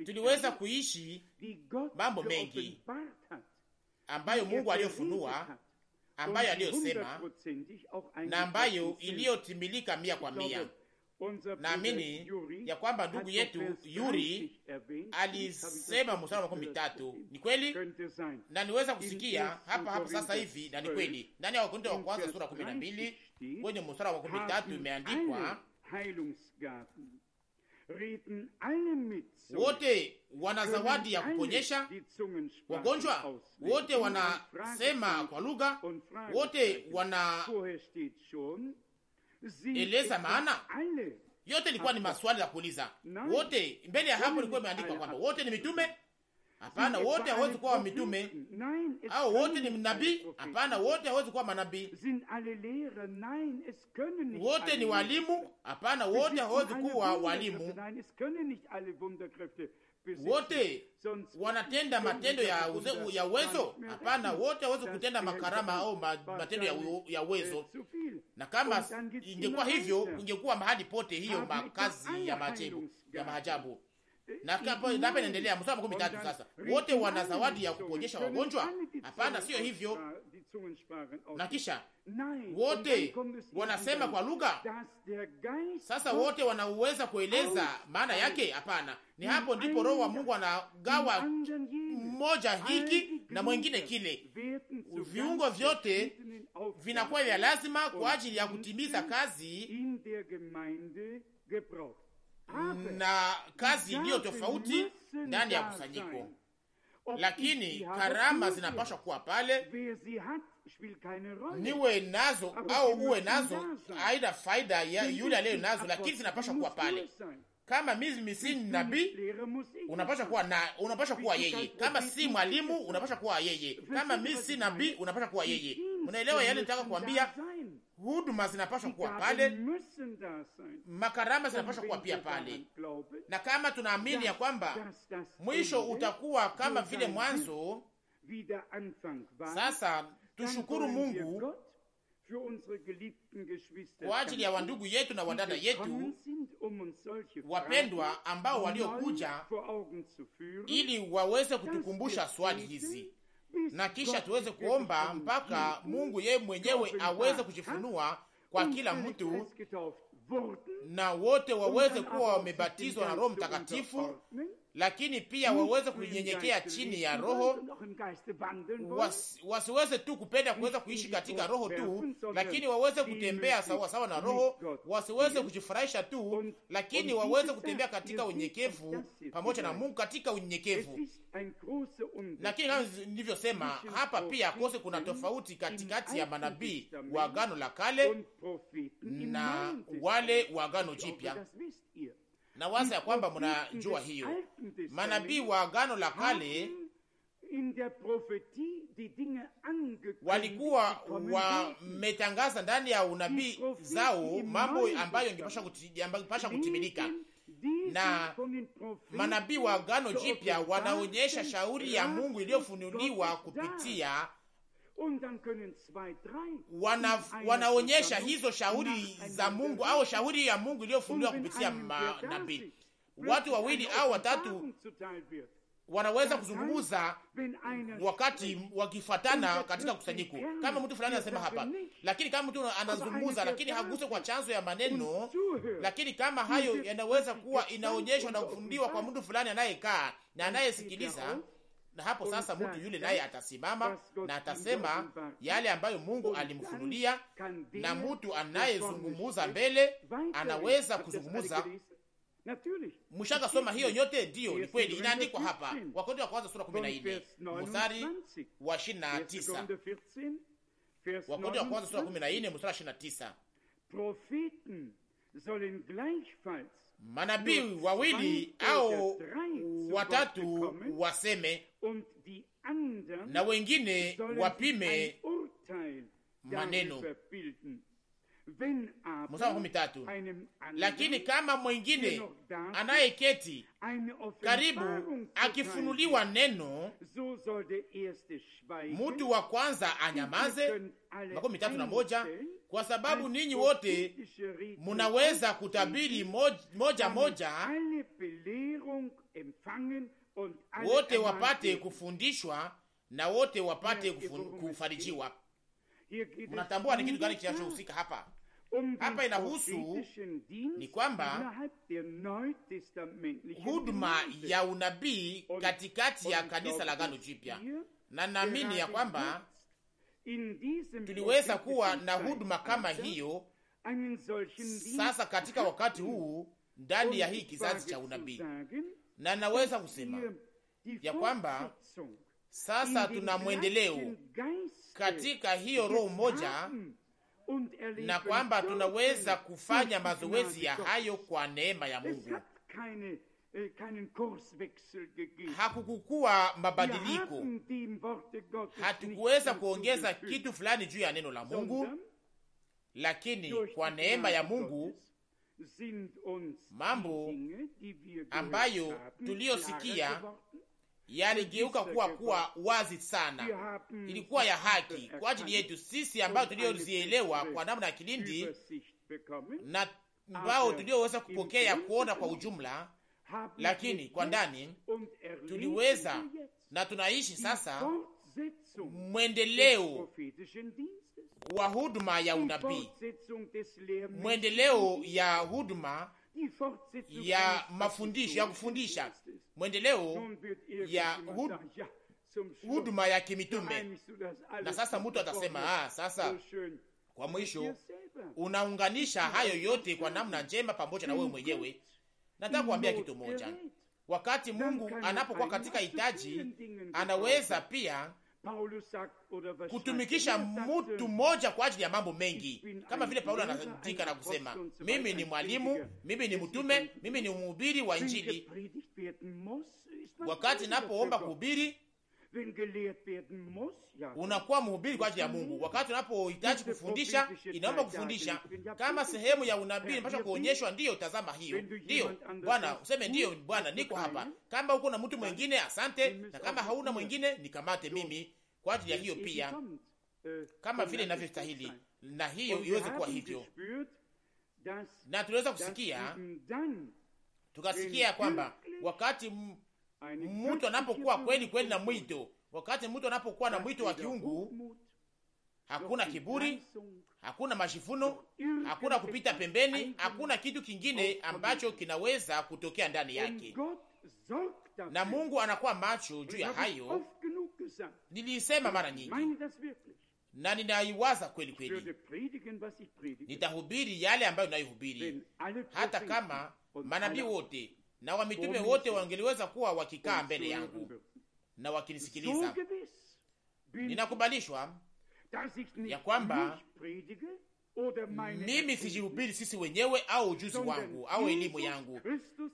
tuliweza kuishi mambo mengi ambayo Mungu er aliyofunua, ambayo aliyosema na ambayo iliyotimilika mia kwa mia. Naamini ya kwamba ndugu yetu Yuri alisema mstari makumi tatu ni kweli, na niweza kusikia hapa hapa sasa hivi, na ni kweli ndani ya Wakorintho wa kwanza sura kumi na mbili kwenye mstari wa kumi tatu imeandikwa wote wana zawadi ya kuponyesha wagonjwa, wote wanasema kwa lugha, wote wana eleza maana yote ilikuwa ni maswali ya kuuliza. Wote mbele ya hapo ilikuwa imeandikwa kwamba wote ni mitume? Hapana, wote hawezi kuwa mitume. Au wote ni nabii? Hapana, wote hawezi kuwa manabii. Wote ni walimu? Hapana, wote hawezi kuwa walimu wote wanatenda matendo ya uze, ya uwezo? Hapana, wote hawezi kutenda makarama au matendo ya, ya eh, uwezo. Na kama ingekuwa hivyo, ingekuwa mahali pote hiyo makazi ya maajabu ya eh, maajabu. Na kama inaendelea, mstari wa 13 sasa, wote wana zawadi ya kuponyesha wagonjwa? Hapana, sio hivyo. Uh, na kisha wote wanasema kwa lugha. Sasa wote wanaweza kueleza maana yake? Hapana, ni hapo ndipo Roho wa Mungu anagawa mmoja hiki na mwengine kile. Viungo vyote vinakuwa vya lazima kwa ajili ya kutimiza kazi na kazi iliyo tofauti ndani ya kusanyiko lakini karama zinapaswa kuwa pale, niwe nazo au uwe nazo, aina faida ya yule aliye nazo, lakini zinapaswa kuwa pale. Kama mimi si nabii, unapaswa kuwa na unapaswa kuwa yeye. Kama si mwalimu, unapaswa kuwa yeye. Kama mimi si nabii, unapaswa kuwa yeye. Unaelewa yale nitaka kuambia? huduma zinapashwa kuwa pale, makarama zinapashwa kuwa pia pale. Na kama tunaamini ya kwamba mwisho utakuwa kama vile mwanzo, sasa tushukuru Mungu kwa ajili ya wandugu yetu na wadada yetu um wapendwa, ambao um waliokuja ili waweze kutukumbusha swali hizi na kisha tuweze kuomba mpaka Mungu yeye mwenyewe aweze kujifunua kwa kila mtu na wote waweze kuwa wamebatizwa na Roho Mtakatifu lakini pia waweze kunyenyekea chini ya Roho, wasiweze tu kupenda kuweza kuishi katika Roho tu, lakini waweze kutembea sawa sawa na Roho, wasiweze kujifurahisha tu, lakini waweze kutembea katika unyenyekevu pamoja na Mungu katika unyenyekevu. Lakini kama nilivyosema hapa, pia kose kuna tofauti katikati ya manabii wa Agano la Kale na wale wa Agano Jipya na waza ya kwamba mnajua hiyo. Manabii wa Agano la Kale walikuwa wametangaza ndani ya unabii zao mambo ambayo ingepasha kutimilika, na manabii wa Agano Jipya wanaonyesha shauri ya Mungu iliyofunuliwa kupitia wana, wanaonyesha hizo shauri za Mungu au shauri ya Mungu iliyofunuliwa kupitia manabii. Watu wawili au watatu wanaweza kuzungumza wakati wakifuatana katika kusanyiko, kama mtu fulani anasema hapa, lakini kama mtu anazungumza, lakini haguse kwa chanzo ya maneno, lakini kama hayo yanaweza kuwa inaonyeshwa na kufundiwa kwa mtu fulani anayekaa na er anayesikiliza na hapo sasa mtu yule naye atasimama na atasema yale ambayo Mungu alimfunulia, na mtu anayezungumuza mbele anaweza kuzungumuza. Mshaka soma hiyo nyote, ndiyo ni kweli, inaandikwa hapa Wakorintho wa kwanza sura 14 mstari wa 29. Wakorintho wa kwanza sura 14 mstari wa 29. profiten sollen gleichfalls manabii wawili au watatu waseme na wengine wapime maneno mstari kumi tatu. Lakini kama mwingine anayeketi karibu akifunuliwa neno, mtu wa kwanza anyamaze. makumi tatu na moja. Kwa sababu ninyi wote munaweza kutabiri moja moja, moja wote wapate kufundishwa na wote wapate kufarijiwa. Mnatambua ni kitu gani kinachohusika hapa? Um hapa inahusu ni kwamba huduma ya unabii katikati ya kanisa la gano Jipya, na naamini ya kwamba tuliweza kuwa na huduma kama hiyo sasa katika wakati huu ndani ya um hii kizazi cha unabii, na naweza kusema ya kwamba sasa tuna mwendeleo katika hiyo roho moja Er na kwamba tunaweza kufanya mazoezi ya hayo kwa neema ya Mungu. Äh, Hakukukuwa mabadiliko, hatukuweza kuongeza kitu fulani juu ya neno la Mungu, lakini kwa neema ya Mungu mambo ambayo tuliyosikia yaligeuka kuwa kuwa wazi sana, ilikuwa ya haki kwa ajili yetu sisi ambayo tuliozielewa kwa namna ya kilindi na ambao tulioweza kupokea kuona kwa ujumla, lakini kwa ndani tuliweza na tunaishi sasa mwendeleo wa huduma ya unabii, mwendeleo ya huduma ya mafundisho ya kufundisha, mwendeleo ya hud, huduma ya kimitume. Na sasa mtu atasema ah, sasa kwa mwisho unaunganisha hayo yote kwa namna njema pamoja na wewe mwenyewe. Nataka kuambia kitu moja, wakati Mungu anapokuwa katika hitaji, anaweza pia kutumikisha mtu mmoja kwa ajili ya mambo mengi, kama vile Paulo anaandika na kusema, mimi ni mwalimu, mimi ni mtume, mimi ni mhubiri wa Injili. Wakati napoomba kuhubiri unakuwa mhubiri kwa ajili ya Mungu. Wakati unapohitaji kufundisha, inaomba kufundisha kama sehemu ya unabii, inapaswa kuonyeshwa. Ndiyo, tazama hiyo, ndiyo Bwana, useme ndiyo Bwana, niko hapa. Kama uko na mtu mwengine asante, na kama hauna mwingine, nikamate mimi kwa ajili ya hiyo pia, uh, kama vile inavyostahili, na hiyo iweze kuwa hivyo. Na tuliweza kusikia, tukasikia kwamba wakati mtu anapokuwa kweli kweli na mwito, wakati mtu anapokuwa na mwito wa kiungu, hakuna kiburi, hakuna mashifuno, hakuna kupita pembeni, hakuna kitu kingine ambacho kinaweza kutokea ndani yake, na Mungu anakuwa macho juu ya hayo. Nilisema mara nyingi na ninaiwaza kweli kweli, nitahubiri yale ambayo ninayohubiri, hata kama manabii wote na wamitume wote wangeliweza kuwa wakikaa mbele yangu na wakinisikiliza. Ninakubalishwa ya kwamba mimi sijihubiri sisi wenyewe au ujuzi wangu au elimu yangu,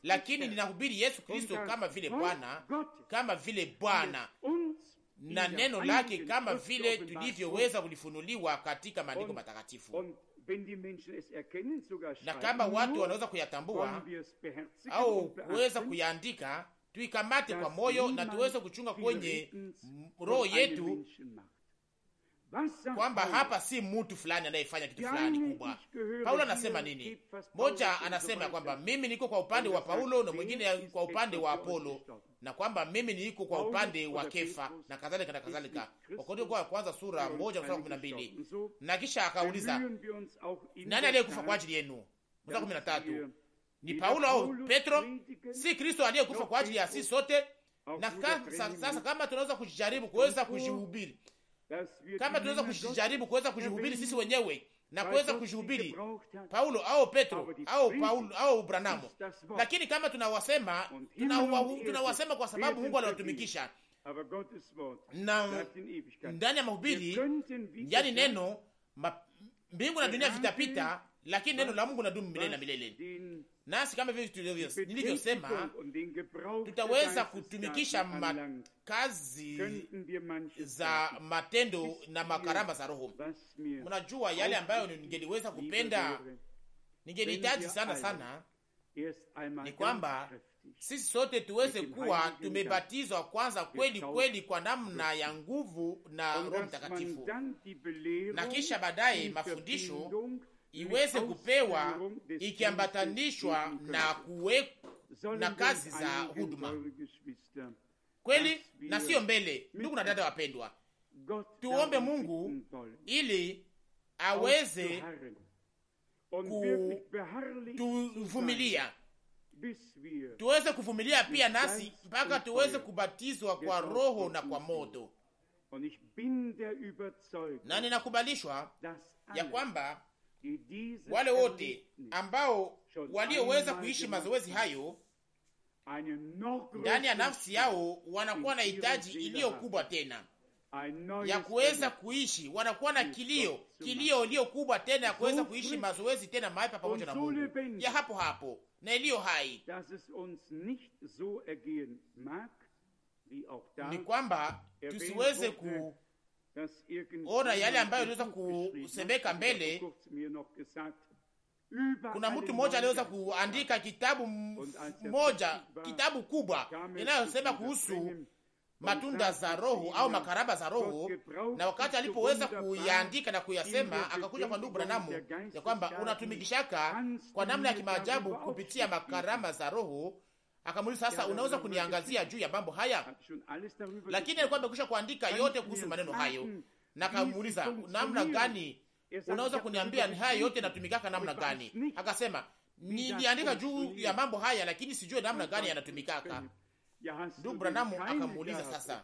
lakini ninahubiri Yesu Kristo kama vile Bwana, kama vile Bwana na neno lake, kama vile tulivyoweza kulifunuliwa katika maandiko matakatifu na kama watu wanaweza kuyatambua au kuweza kuyaandika, tuikamate kwa moyo na tuweze kuchunga kwenye roho yetu kwamba hapa si mtu fulani anayefanya kitu fulani kubwa. Paulo anasema nini? Moja anasema ya kwamba mimi niko kwa upande wa Paulo na mwingine kwa upande wa Apolo, na kwamba mimi niko kwa upande wa Kefa na kadhalika na kadhalika. Wakorintho kwa kwanza sura moja mstari kumi na mbili. Na kisha akauliza nani aliyekufa kwa ajili yenu? Mstari kumi na tatu ni Paulo au Petro? Si Kristo aliyekufa kwa ajili ya sisi sote? Na kama, sasa kama tunaweza kujaribu kuweza kujihubiri, kama tunaweza kujaribu kuweza kujihubiri sisi wenyewe na kuweza kushuhubiri Paulo au Petro au Paulo au Branamo, lakini kama tunawasema tunawasema, kwa sababu Mungu aliwatumikisha na ndani ya mahubiri, yani neno mbingu na dunia vitapita lakini neno la Mungu nadumu milele na milele. Nasi kama vile nilivyosema, tutaweza kutumikisha kazi za matendo na makarama za Roho. Mnajua yale ambayo ningeliweza kupenda, ningelihitaji sana sana ni kwamba sisi sote tuweze kuwa tumebatizwa kwanza kweli kweli kwa namna ya nguvu na Roho Mtakatifu, na kisha baadaye mafundisho iweze kupewa ikiambatanishwa na kuwe, na kazi za huduma kweli na siyo mbele. Ndugu na dada wapendwa, tuombe Mungu ili aweze kutuvumilia tuweze kuvumilia pia nasi mpaka tuweze kubatizwa kwa Roho na kwa moto, na ninakubalishwa ya kwamba wale wote ambao walioweza kuishi mazoezi hayo ndani ya nafsi yao wanakuwa na hitaji iliyo kubwa tena ya kuweza kuishi, wanakuwa na kilio, kilio iliyo kubwa tena ya kuweza kuishi mazoezi tena mahali pa pamoja na Mungu ya hapo hapo na iliyo hai. Ni kwamba tusiweze ku ona yale ambayo iliweza kusemeka mbele. Kuna mtu mmoja aliweza kuandika kitabu er moja, kitabu kubwa inayosema kuhusu matunda za Roho au makaraba za Roho, na wakati alipoweza kuyaandika na kuyasema, akakuja kwa ndugu Branamu ya kwamba unatumikishaka kwa namna ya kimaajabu kupitia makarama za Roho Akamuuliza, sasa unaweza kuniangazia juu ya mambo haya? Lakini alikuwa amekwisha kuandika yote kuhusu maneno hayo, na akamuuliza namna gani unaweza kuniambia ni haya yote natumikaka namna gani? Akasema niliandika juu ya mambo haya, lakini sijue namna gani yanatumikaka. Ndugu Branamu akamuuliza sasa,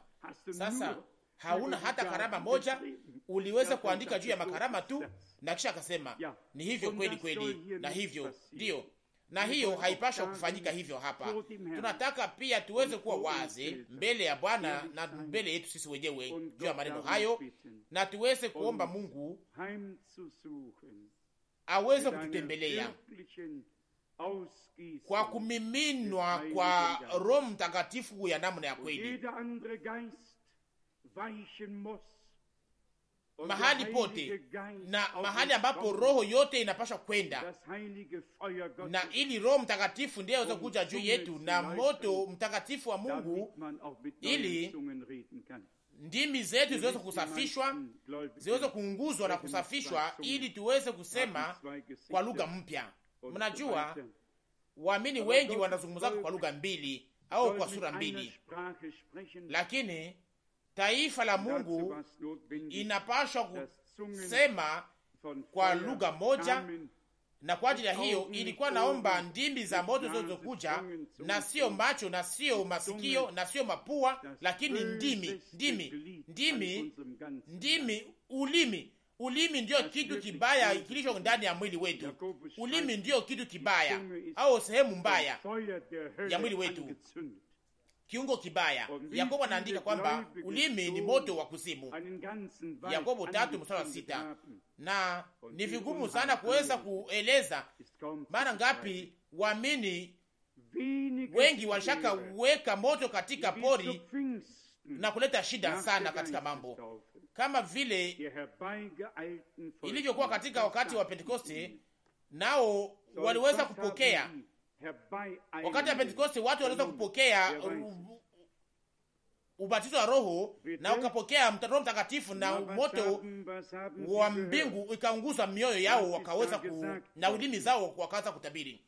sasa hauna hata karama moja, uliweza kuandika juu ya makarama tu? Na kisha akasema ni hivyo kweli kweli, na hivyo ndiyo na hiyo haipashwa kufanyika hivyo hapa. Tunataka pia tuweze kuwa wazi mbele ya Bwana na mbele yetu sisi wenyewe juu ya maneno hayo, na tuweze kuomba Mungu aweze kututembelea kwa kumiminwa kwa Roho Mtakatifu ya namna ya kweli mahali pote na mahali ambapo roho yote inapaswa kwenda, na ili Roho Mtakatifu ndiye aweza kuja juu yetu na moto mtakatifu wa Mungu, ili ndimi zetu ziweze kusafishwa, ziweze kuunguzwa na kusafishwa, ili tuweze kusema kwa lugha mpya. Mnajua waamini wengi wanazungumza kwa lugha mbili au kwa sura mbili, lakini Taifa la Mungu inapashwa kusema kwa lugha moja, na kwa ajili ya hiyo ilikuwa naomba ndimi za moto zilizokuja, na sio macho na sio masikio na sio mapua, lakini ndimi, ndimi, ndimi, ndimi, ulimi. Ulimi ndiyo kitu kibaya kilicho ndani ya mwili wetu. Ulimi ndiyo kitu kibaya au sehemu mbaya ya mwili wetu kiungo kibaya. Yakobo anaandika kwamba ulimi ni moto wa kuzimu, Yakobo tatu mstari wa sita. Na ni vigumu sana kuweza kueleza mara ngapi waamini wengi washaka weka moto katika pori na kuleta shida sana katika mambo kama vile ilivyokuwa katika wakati wa Pentekoste, nao waliweza kupokea Wakati wa Pentekoste watu waliweza kupokea ubatizo wa Roho na ukapokea Roho Mtakatifu na moto wa mbingu ikaunguza mioyo yao, wakaweza ku, na ulimi zao wakaweza kutabiri.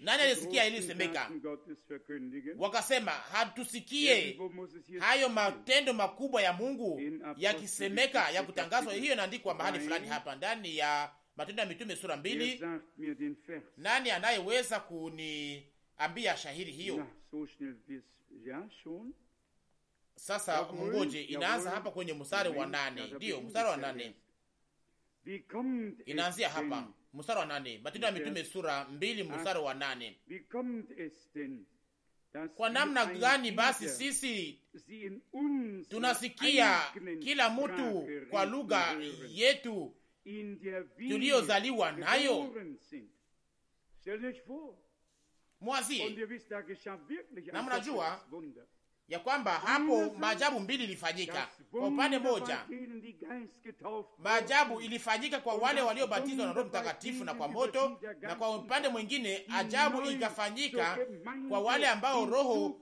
Nani alisikia iliyosemeka? Wakasema, hatusikie hayo matendo makubwa ya Mungu yakisemeka ya kutangazwa. Hiyo inaandikwa mahali fulani hapa ndani ya Matendo ya Mitume sura mbili. Nani anayeweza kuniambia shahiri hiyo? Sasa mngoje, inaanza hapa kwenye mstari wa nane. Ndiyo, mstari wa nane inaanzia hapa, mstari wa nane. Matendo ya Mitume sura mbili mstari wa nane. Kwa namna gani basi sisi tunasikia kila mtu kwa lugha yetu tuliyozaliwa nayo. Mwazie na mnajua ya kwamba hapo maajabu mbili ilifanyika. Kwa upande moja, maajabu ilifanyika kwa wale waliobatizwa na Roho Mtakatifu na kwa moto, na kwa upande mwingine ajabu ikafanyika kwa wale ambao Roho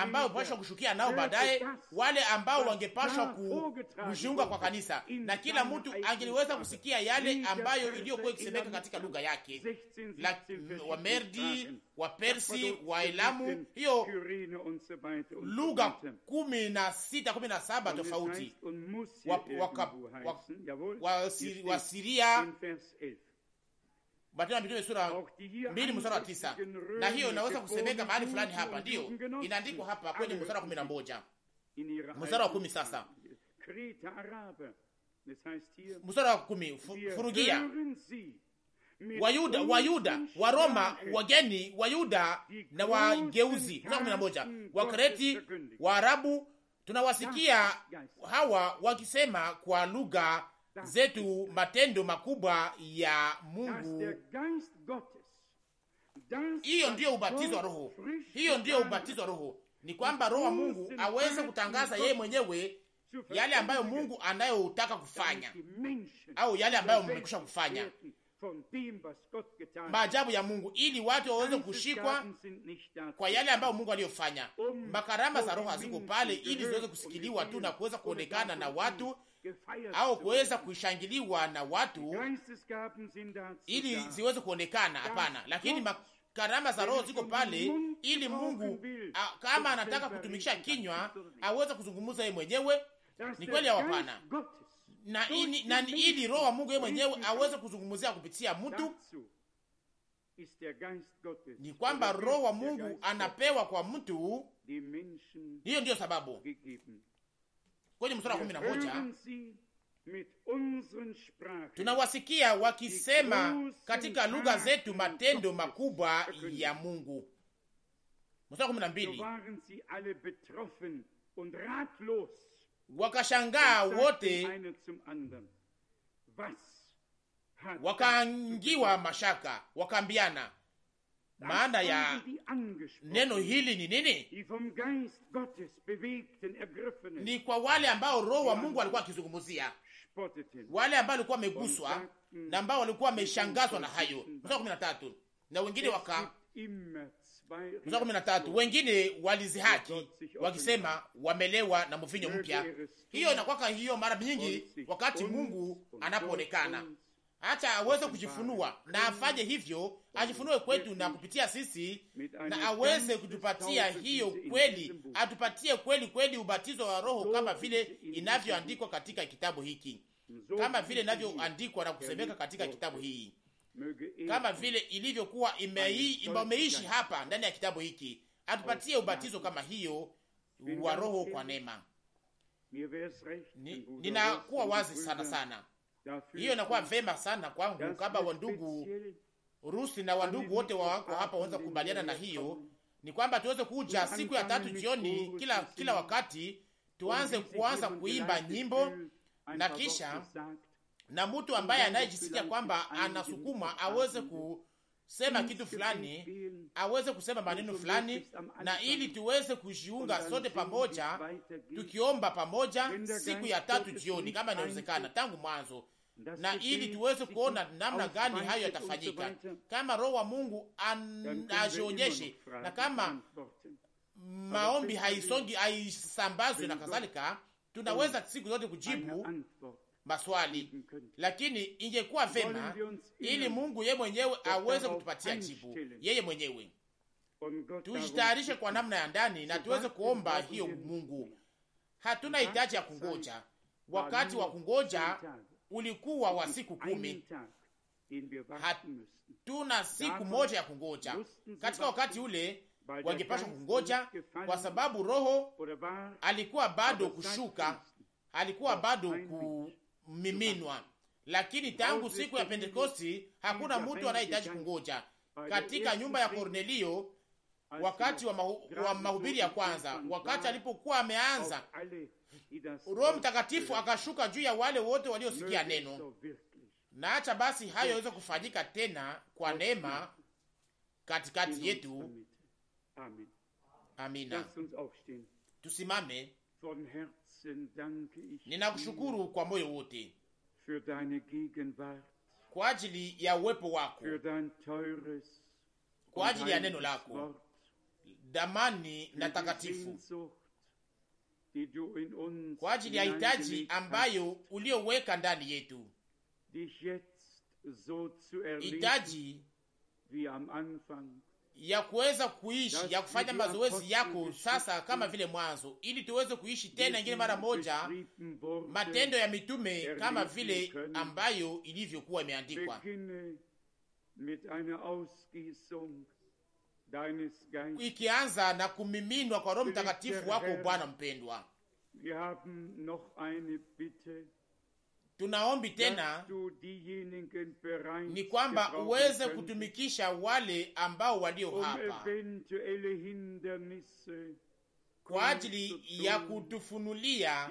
ambao pashwa kushukia nao baadaye, wale ambao wangepashwa kujiunga kwa kanisa, na kila mtu angeliweza kusikia yale ambayo iliyokuwa ikisemeka katika lugha yake, Wamerdi, Wapersi, elamu hiyo lugha kumi na sita kumi na saba tofauti, siria Matendo Mitume sura mbili mstari wa tisa. Na hiyo naweza kusemeka mahali fulani hapa, ndiyo inaandikwa hapa kwenye mstari wa 11, mstari wa kumi Sasa mstari wa kumi furugia Wayuda, Wayuda, Waroma, wageni, Wayuda na wageuzi. Mstari wa 11, Wakreti, Waarabu tunawasikia hawa wakisema kwa lugha zetu matendo makubwa ya Mungu. Hiyo ndiyo ubatizo wa Roho, hiyo ndiyo ubatizo wa Roho, ni kwamba Roho wa Mungu aweze kutangaza yeye mwenyewe yale ambayo Mungu anayotaka kufanya au yale ambayo mmekwisha kufanya maajabu ya Mungu ili watu waweze kushikwa kwa yale ambayo Mungu aliyofanya. Makarama za Roho haziko pale ili ziweze kusikiliwa tu na kuweza kuonekana na watu au kuweza kuishangiliwa na watu ili ziweze kuonekana. Hapana, lakini karama za Roho ziko pale ili Mungu a, kama anataka kutumikisha kinywa aweze kuzungumza yeye mwenyewe. Ni kweli au hapana? na ini, na ili roho wa Mungu yeye mwenyewe aweze kuzungumzia kupitia mtu ni kwamba roho wa Mungu anapewa kwa mtu. Hiyo ndiyo sababu kwenye mstari wa 11 tunawasikia wakisema katika lugha zetu matendo makubwa ya Mungu. Mstari wa 12 wakashangaa wote, wakaangiwa mashaka, wakaambiana maana ya neno hili ni nini? Ni kwa wale ambao Roho wa Mungu alikuwa akizungumzia, wale ambao walikuwa wameguswa na ambao walikuwa wameshangazwa na hayo. Mstari kumi na tatu, na wengine waka mstari kumi na tatu wengine walizihaki wakisema wamelewa na mvinyo mpya. Hiyo inakwaka hiyo mara nyingi, wakati Mungu anapoonekana hata aweze kujifunua na afanye hivyo, ajifunue kwetu na kupitia sisi, na aweze kutupatia hiyo kweli, atupatie kweli kweli ubatizo wa Roho kama vile inavyoandikwa katika kitabu hiki, kama vile inavyoandikwa na kusemeka katika kitabu hii. Er kama vile ilivyokuwa imeishi hapa ndani ya kitabu hiki. Atupatie ubatizo kama hiyo wa Roho kwa neema. Ni, wazi sana sana, hiyo inakuwa vema sana kwangu kama wandugu Rusi na wandugu wote wako hapa waweza kukubaliana na hiyo, ni kwamba tuweze kuja siku ya tatu jioni kila kila wakati tuanze kuanza kuimba nyimbo na kisha na mtu ambaye anayejisikia kwamba anasukuma aweze kusema kitu fulani, aweze kusema maneno fulani, na ili tuweze kujiunga sote pamoja, tukiomba pamoja siku ya tatu jioni, kama inawezekana, tangu mwanzo na ili tuweze kuona namna gani hayo yatafanyika, kama Roho wa Mungu ajionyeshe na kama maombi haisongi haisambazwe na kadhalika, tunaweza siku zote kujibu maswali, lakini ingekuwa vema ili Mungu yeye mwenyewe aweze kutupatia jibu yeye mwenyewe. Tujitayarishe kwa namna ya ndani na tuweze kuomba hiyo Mungu. Hatuna hitaji ya kungoja. Wakati wa kungoja ulikuwa wa siku kumi. Hatuna siku moja ya kungoja. Katika wakati ule wangepashwa kungoja, kwa sababu Roho alikuwa bado kushuka, alikuwa bado ku kumiminwa, lakini tangu siku ya Pentekosti hakuna mtu anayehitaji kungoja. Katika nyumba ya Kornelio, wakati wa, mahu, wa mahubiri ya kwanza, wakati alipokuwa ameanza, Roho Mtakatifu akashuka juu ya wale wote waliosikia neno. Na hacha basi hayo yaweze kufanyika tena kwa neema katikati yetu. Amina, tusimame. Ninakushukuru kwa moyo wote kwa ajili ya uwepo wako, kwa ajili ya neno lako damani na takatifu, kwa ajili ya hitaji ambayo ulioweka ndani yetu, hitaji ya kuweza kuishi ya kufanya mazoezi yako sasa kama vile mwanzo, ili tuweze kuishi tena ingine mara moja matendo ya mitume kama vile ambayo ilivyokuwa imeandikwa. Ikianza na kumiminwa kwa Roho Mtakatifu wako Bwana mpendwa tunaombi tena ni kwamba uweze kutumikisha wale ambao walio hapa kwa ajili ya kutufunulia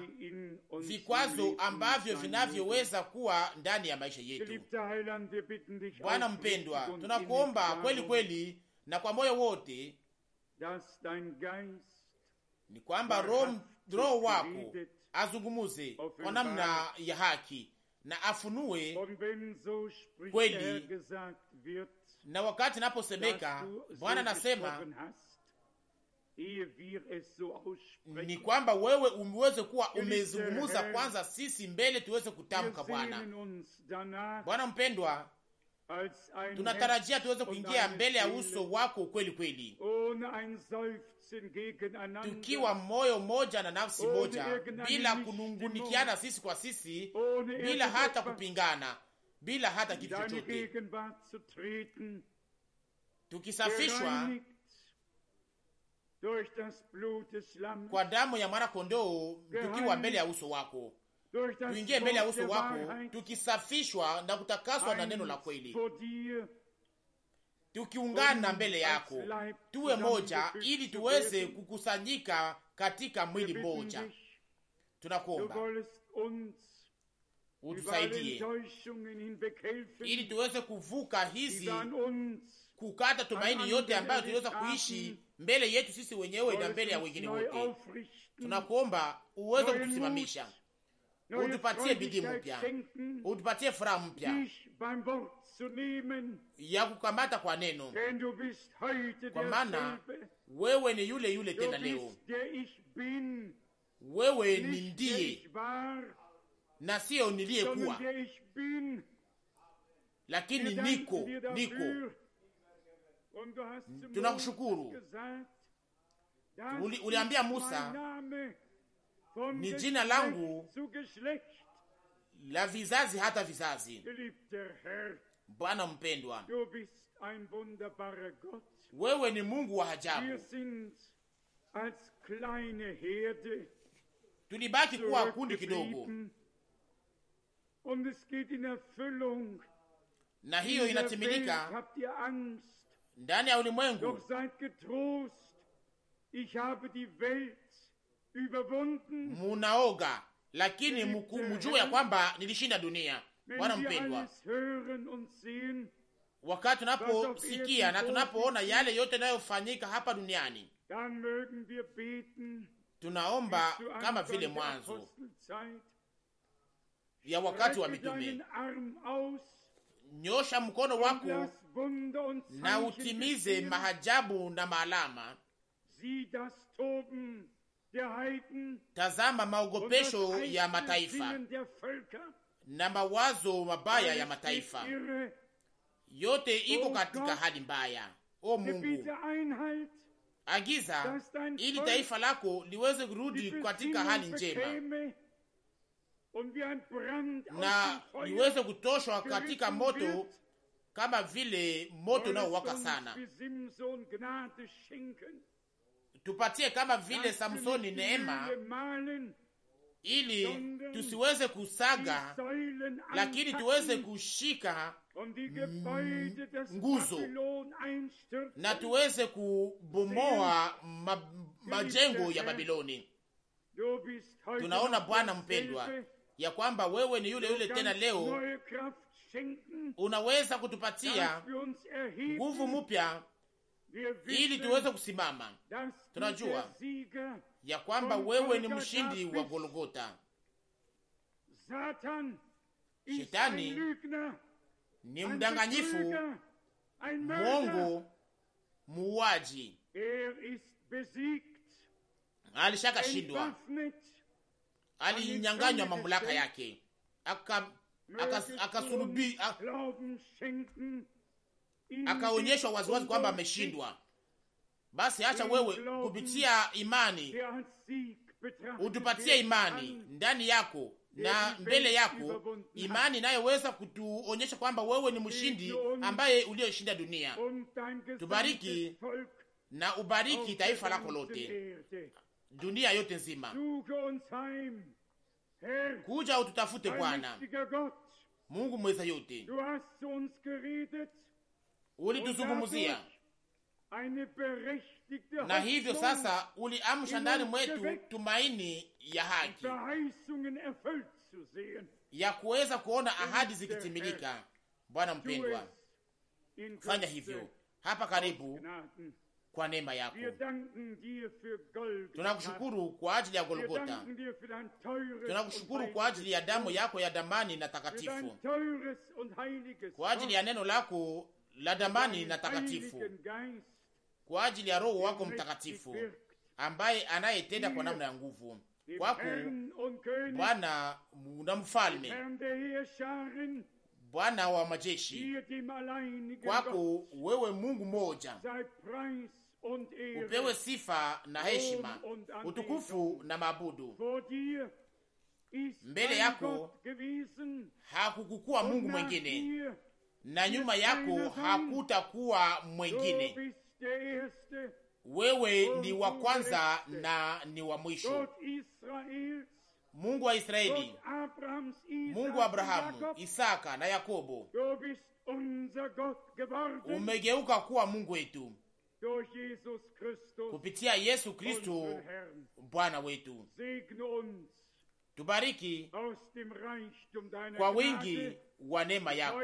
vikwazo ambavyo vinavyoweza kuwa ndani ya maisha yetu. Bwana mpendwa, tunakuomba kweli kweli na kwa moyo wote ni kwamba Roho wako azungumuze kwa namna ya haki na afunue so kweli er, wird, na wakati naposemeka Bwana nasema so ni kwamba wewe uweze kuwa umezungumuza kwanza, sisi mbele tuweze kutamka. Bwana Bwana mpendwa tunatarajia tuweze kuingia mbele ya uso wako kweli kweli, tukiwa moyo moja na nafsi moja, bila kunungunikiana sisi kwa sisi, bila hata kupingana, bila hata kitu chochote, tukisafishwa kwa damu ya mwana kondoo, tukiwa mbele ya uso wako tuingie mbele ya uso wako, tukisafishwa na kutakaswa na neno la kweli, tukiungana mbele yako, tuwe moja, ili tuweze kukusanyika katika mwili mmoja. Tunakuomba utusaidie ili tuweze kuvuka hizi kukata tumaini yote ambayo tuliweza kuishi mbele yetu sisi wenyewe na mbele ya wengine wote. Tunakuomba uweze kutusimamisha utupatie bidii mpya, utupatie furaha mpya ya kukamata kwa neno, kwa maana wewe ni yule yule tena leo, wewe ni ndiye na siyo niliyekuwa, lakini niko niko. Tunakushukuru, uliambia Musa ni jina langu la vizazi hata vizazi. Bwana mpendwa, wewe ni Mungu wa ajabu. Tulibaki kuwa kundi kidogo, na hiyo inatimilika ndani ya ulimwengu munaoga, lakini mjue ya kwamba nilishinda dunia. Bwana mpendwa, wakati tunaposikia na tunapoona yale yote yanayofanyika hapa duniani, tunaomba kama vile mwanzo ya wakati wa mitume, nyosha mkono wako na utimize mahajabu na maalama Tazama maogopesho ya mataifa na mawazo mabaya ya mataifa yote iko oh katika hali mbaya. O Mungu, agiza ili taifa lako liweze kurudi katika hali njema na liweze kutoshwa katika moto kama vile moto unaowaka sana tupatie kama vile Samsoni neema, ili tusiweze kusaga, lakini tuweze kushika mm, nguzo na tuweze kubomoa ma, majengo ya Babiloni. Tunaona Bwana mpendwa, ya kwamba wewe ni yule yule tena leo unaweza kutupatia nguvu mpya ili tuweze kusimama. Tunajua ya kwamba wewe ni mshindi wa Golgota. Shetani ni mdanganyifu, mwongo, muuaji, alishaka shindwa, alinyanganywa mamlaka yake, akasulubishwa aka, aka Mm, akaonyeshwa waziwazi kwamba ameshindwa. Basi acha wewe kupitia imani, utupatie imani ndani yako na mbele yako, imani inayoweza kutuonyesha kwamba wewe ni mshindi ambaye uliyoshinda dunia. Tubariki na ubariki taifa lako lote, dunia yote nzima. Kuja ututafute Bwana Mungu mweza yote ulituzungumzia na hivyo sasa uliamsha ndani mwetu tumaini ya haki ya kuweza kuona ahadi zikitimilika. Bwana mpendwa, fanya hivyo hapa karibu kwa neema yako. Tunakushukuru kwa ajili ya Golgota, tunakushukuru kwa ajili ya damu yako ya damani na takatifu, kwa ajili ya neno lako la damani na takatifu kwa ajili ya Roho wako Mtakatifu ambaye anayetenda kwa namna ya nguvu kwako Bwana na mfalme, Bwana wa majeshi, kwako wewe Mungu moja, upewe sifa na heshima, utukufu na mabudu. Mbele yako hakukukuwa Mungu mwengine na nyuma yako hakutakuwa mwengine. Wewe ni wa kwanza na ni wa mwisho. Mungu wa Israeli, Mungu wa Abrahamu, Isaka na Yakobo, umegeuka kuwa Mungu wetu kupitia Yesu Kristo Bwana wetu tubariki um kwa wingi wa neema yako,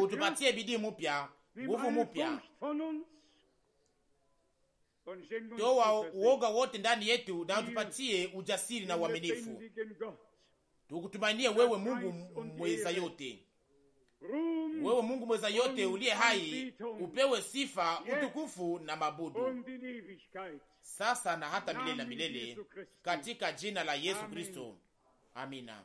utupatie bidii mupya, nguvu mpya, toa uoga wote ndani yetu, na utupatie ujasiri na uaminifu, tukutumainie wewe Mungu mweza yote wewe Mungu mweza yote uliye hai, upewe sifa, utukufu na mabudu sasa na hata milele na milele, katika jina la Yesu Kristo, amina.